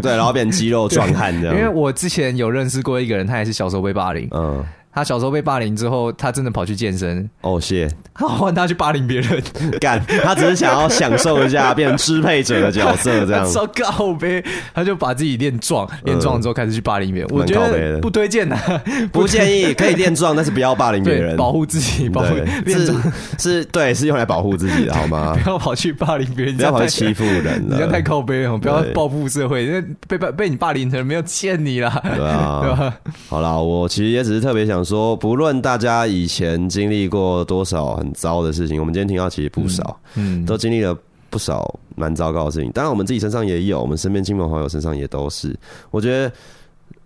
對，然後變肌肉壯漢的。因為我之前有認識過一個人，他也是小時候被霸凌。嗯他小時候被霸凌之後，他真的跑去健身哦，謝。他換他去霸凌別人幹，他只是想要享受一下，變成支配者的角色這樣這樣。靠北，他就把自己練壯，練壯之後開始去霸凌別人。我覺得不推薦他，不建議可以練壯，但是不要霸凌別人，保護自己，保護練壯是是對是用來保護自己的好嗎？不要跑去霸凌別人，不要會欺負人，不要太靠北哦，不要報復社會。因為被你霸凌的人沒有欠你啦，對吧？好啦，我其實也只是特別想。說，不論大家以前經歷過多少很糟的事情，我們今天聽到其實不少，嗯，嗯，都經歷了不少蠻糟糕的事情。當然，我們自己身上也有，我們身邊親朋好友身上也都是。我覺得，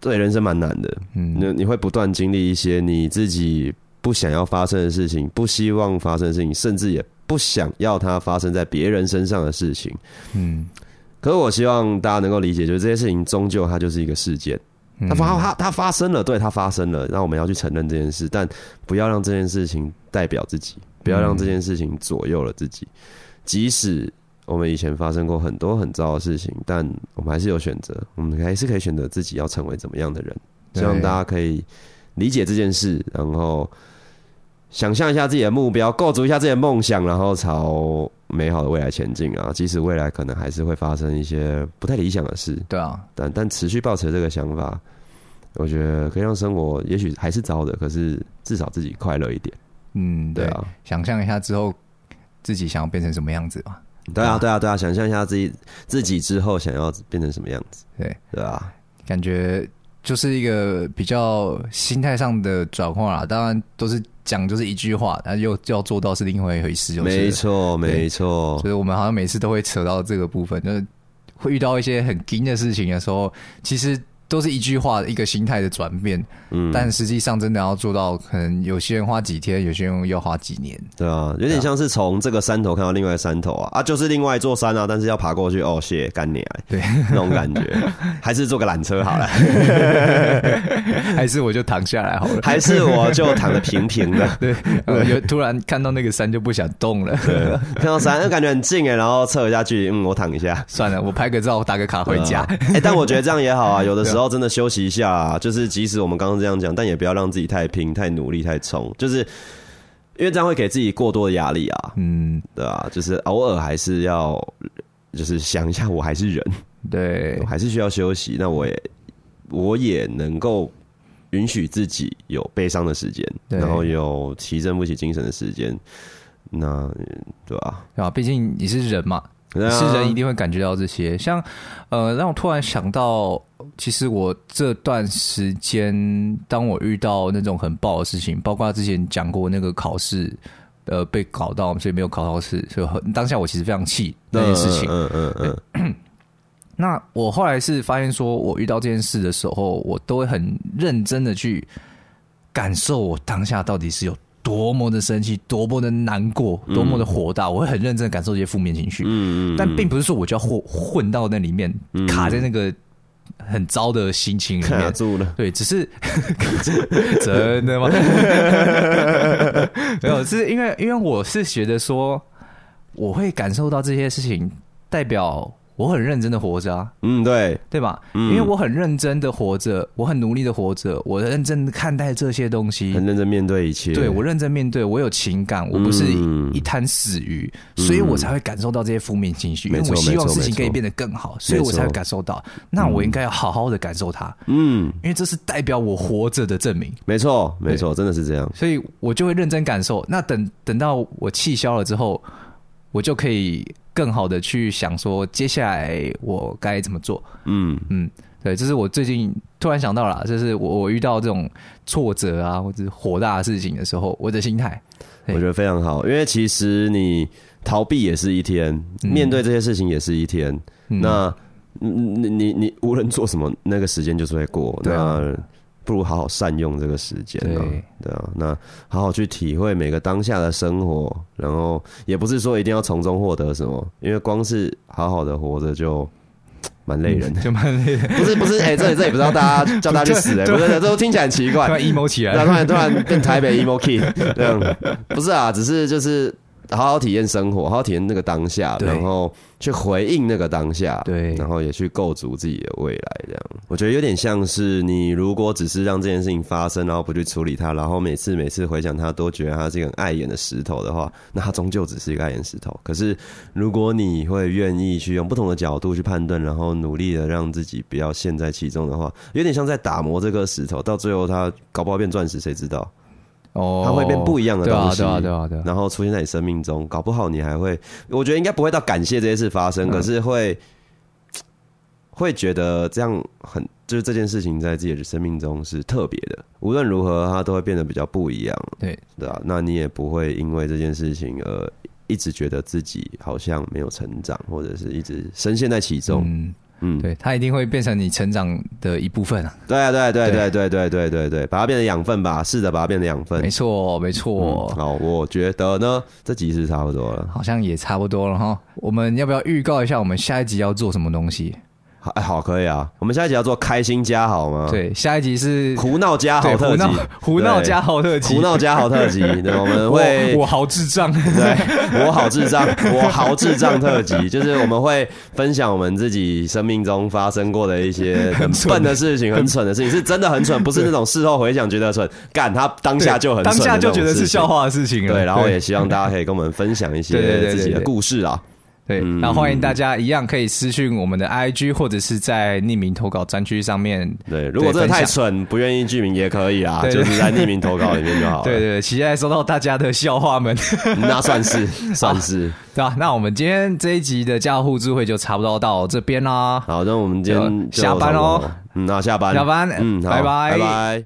對人生蠻難的，嗯，你你會不斷經歷一些你自己不想要發生的事情，不希望發生的事情，甚至也不想要它發生在別人身上的事情，嗯。可是，我希望大家能夠理解，就是這些事情終究它就是一個事件。他發他他發生了，對，他發生了。那我們要去承認這件事，但不要讓這件事情代表自己，不要讓這件事情左右了自己。即使我們以前發生過很多很糟的事情，但我們還是有選擇，我們還是可以選擇自己要成為怎麼樣的人。希望大家可以理解這件事，然後。想象一下自己的目標，構築一下自己的夢想，然後朝美好的未來前進啊！即使未來可能還是會發生一些不太理想的事，對啊，但但持續抱持這個想法，我覺得可以讓生活也許還是糟的，可是至少自己快樂一點。嗯，對啊對，想象一下之後自己想要變成什麼樣子吧。對啊，對啊，對啊，對啊，想象一下自己對自己之後想要變成什麼樣子？對，對啊對，感覺就是一個比較心態上的轉換啦！當然都是。講就是一句話，然後又要做到是另外一回事，就沒錯沒錯，所以我們好像每次都會扯到這個部分，就是會遇到一些很驚的事情的時候，其實。都是一句話的一個心態的轉變，嗯，但實際上真的要做到，可能有些人花幾天，有些人要花幾年，對啊，有點像是從這個山頭看到另外山頭啊，啊，就是另外一座山啊，但是要爬過去，哦，謝，幹你啊，對，那種感覺，還是坐個纜車好了，還是我就躺下來好了，還是我就躺的平平的，對，突然看到那個山就不想動了，看到山就感覺很近哎，然後測一下距離，嗯，我躺一下，算了，我拍個照，打個卡回家，哎，但我覺得這樣也好啊，有的時候。然後真的休息一下，就是即使我們剛剛這樣講，但也不要讓自己太拼、太努力、太衝，就是因為這樣會給自己過多的壓力啊。嗯，對啊，就是偶爾還是要，就是想一下，我還是人，對，我還是需要休息。那我也，我也能夠允許自己有悲傷的時間，對然後有提振不起精神的時間。那對啊。啊，畢竟你是人嘛，嗯、是人一定會感覺到這些。像呃，讓我突然想到。其實我這段時間，當我遇到那種很爆的事情，包括之前講過那個考試，呃，被搞到，所以沒有考到試，所以很當下我其實非常氣那件事情。嗯嗯嗯，嗯。 那我後來是發現說，說我遇到這件事的時候，我都會很認真的去感受我當下到底是有多麼的生氣，多麼的難過，多麼的火大。嗯、我會很認真的感受這些負面情緒、嗯。嗯嗯。但並不是說我就要混混到那裡面，嗯、卡在那個。很糟的心情裡面住了，對，只是 真的嗎？ 沒有，是因為因為我是覺得說，我會感受到這些事情代表。我很認真的活着啊，嗯對，對吧？因為我很認真的活着，我很努力的活着，我認真看待這些東西，很認真面對一切。對，我認真面對，我有情感，我不是一一灘死魚，所以我才會感受到這些負面情緒。因為我希望事情可以變得更好，所以我才會感受到。那我應該要好好的感受它，嗯，因為這是代表我活着的證明。沒錯沒錯，真的是這樣，所以我就會認真感受。那等等到我氣消了之後，我就可以。更好的去想說，接下來我該怎麼做？嗯，嗯嗯，對，這，就是我最近突然想到啦，就是我我遇到這種挫折啊或者火大的事情的時候，我的心態，我覺得非常好，因為其實你逃避也是一天，嗯、面對這些事情也是一天，嗯、那你你你無論做什麼，那個時間就是會過，對啊、那，不如好好善用這個時間對，對啊，那好好去體會每個當下的生活，然後也不是說一定要從中獲得什麼，因為光是好好的活着就蠻累人的，嗯、就蠻累的。不是不是，哎、欸，這裡這也不知道大家叫大家去死、欸，哎，不是，這都聽起來很奇怪，突然 emo 起來了，突然突然變台北 emo King， 這樣不是啊，只是就是。好好體驗生活，好好體驗那個當下，對然後去回應那個當下，對，然後也去構築自己的未來。這樣，我覺得有點像是你如果只是讓這件事情發生，然後不去處理它，然後每次每次回想它，都覺得它是一個礙眼的石頭的話，那它終究只是一個礙眼石頭。可是如果你會願意去用不同的角度去判斷，然後努力的讓自己不要陷在其中的話，有點像在打磨這個石頭，到最後它搞不好變鑽石，誰知道？哦，oh, 它會變不一樣的東西，對啊、對啊、對啊、對啊，然後出現在你生命中，搞不好你還會，我覺得應該不會到感謝這些事發生，嗯、可是會會覺得這樣很，就是這件事情在自己的生命中是特別的。無論如何，它都會變得比較不一樣，對，對啊，那你也不會因為這件事情而一直覺得自己好像沒有成長，或者是一直深陷在其中。嗯嗯，對，它一定會變成你成長的一部分啊！對啊，對對對對對對對對對，把它變成養分吧，試着把它變成養分。沒錯，沒錯，嗯。好，我覺得呢，這集是差不多了，好像也差不多了哈。我們要不要預告一下，我們下一集要做什麼東西？哎，好，可以啊！我們下一集要做開心家豪，好嗎？對，下一集是胡鬧家豪特輯。胡鬧家豪特輯，對胡鬧家豪特輯。 對，我們會我,我好智障， 對我好智障，我好智障特輯，就是我們會分享我們自己生命中發生過的一些很笨的事情，很蠢的事情，事情是真的很蠢，不是那種事後回想覺得蠢，幹對他當下就很蠢，當下就覺得是笑話的事情。對，然後也希望大家可以跟我們分享一些自己的故事啊。對對對對對對對。對，那歡迎大家一樣可以私訊我們的 IG，或者是在匿名投稿專區上面。對，如果這太蠢，不願意匿名也可以啊，就是在匿名投稿裡面就好。對對，期待收到大家的笑話們。那算是算是，對吧？那我們今天這一集的家豪智慧就差不多到這邊啦。好，那我們就下班嘍。嗯，那下班，下班，嗯，拜拜，拜拜。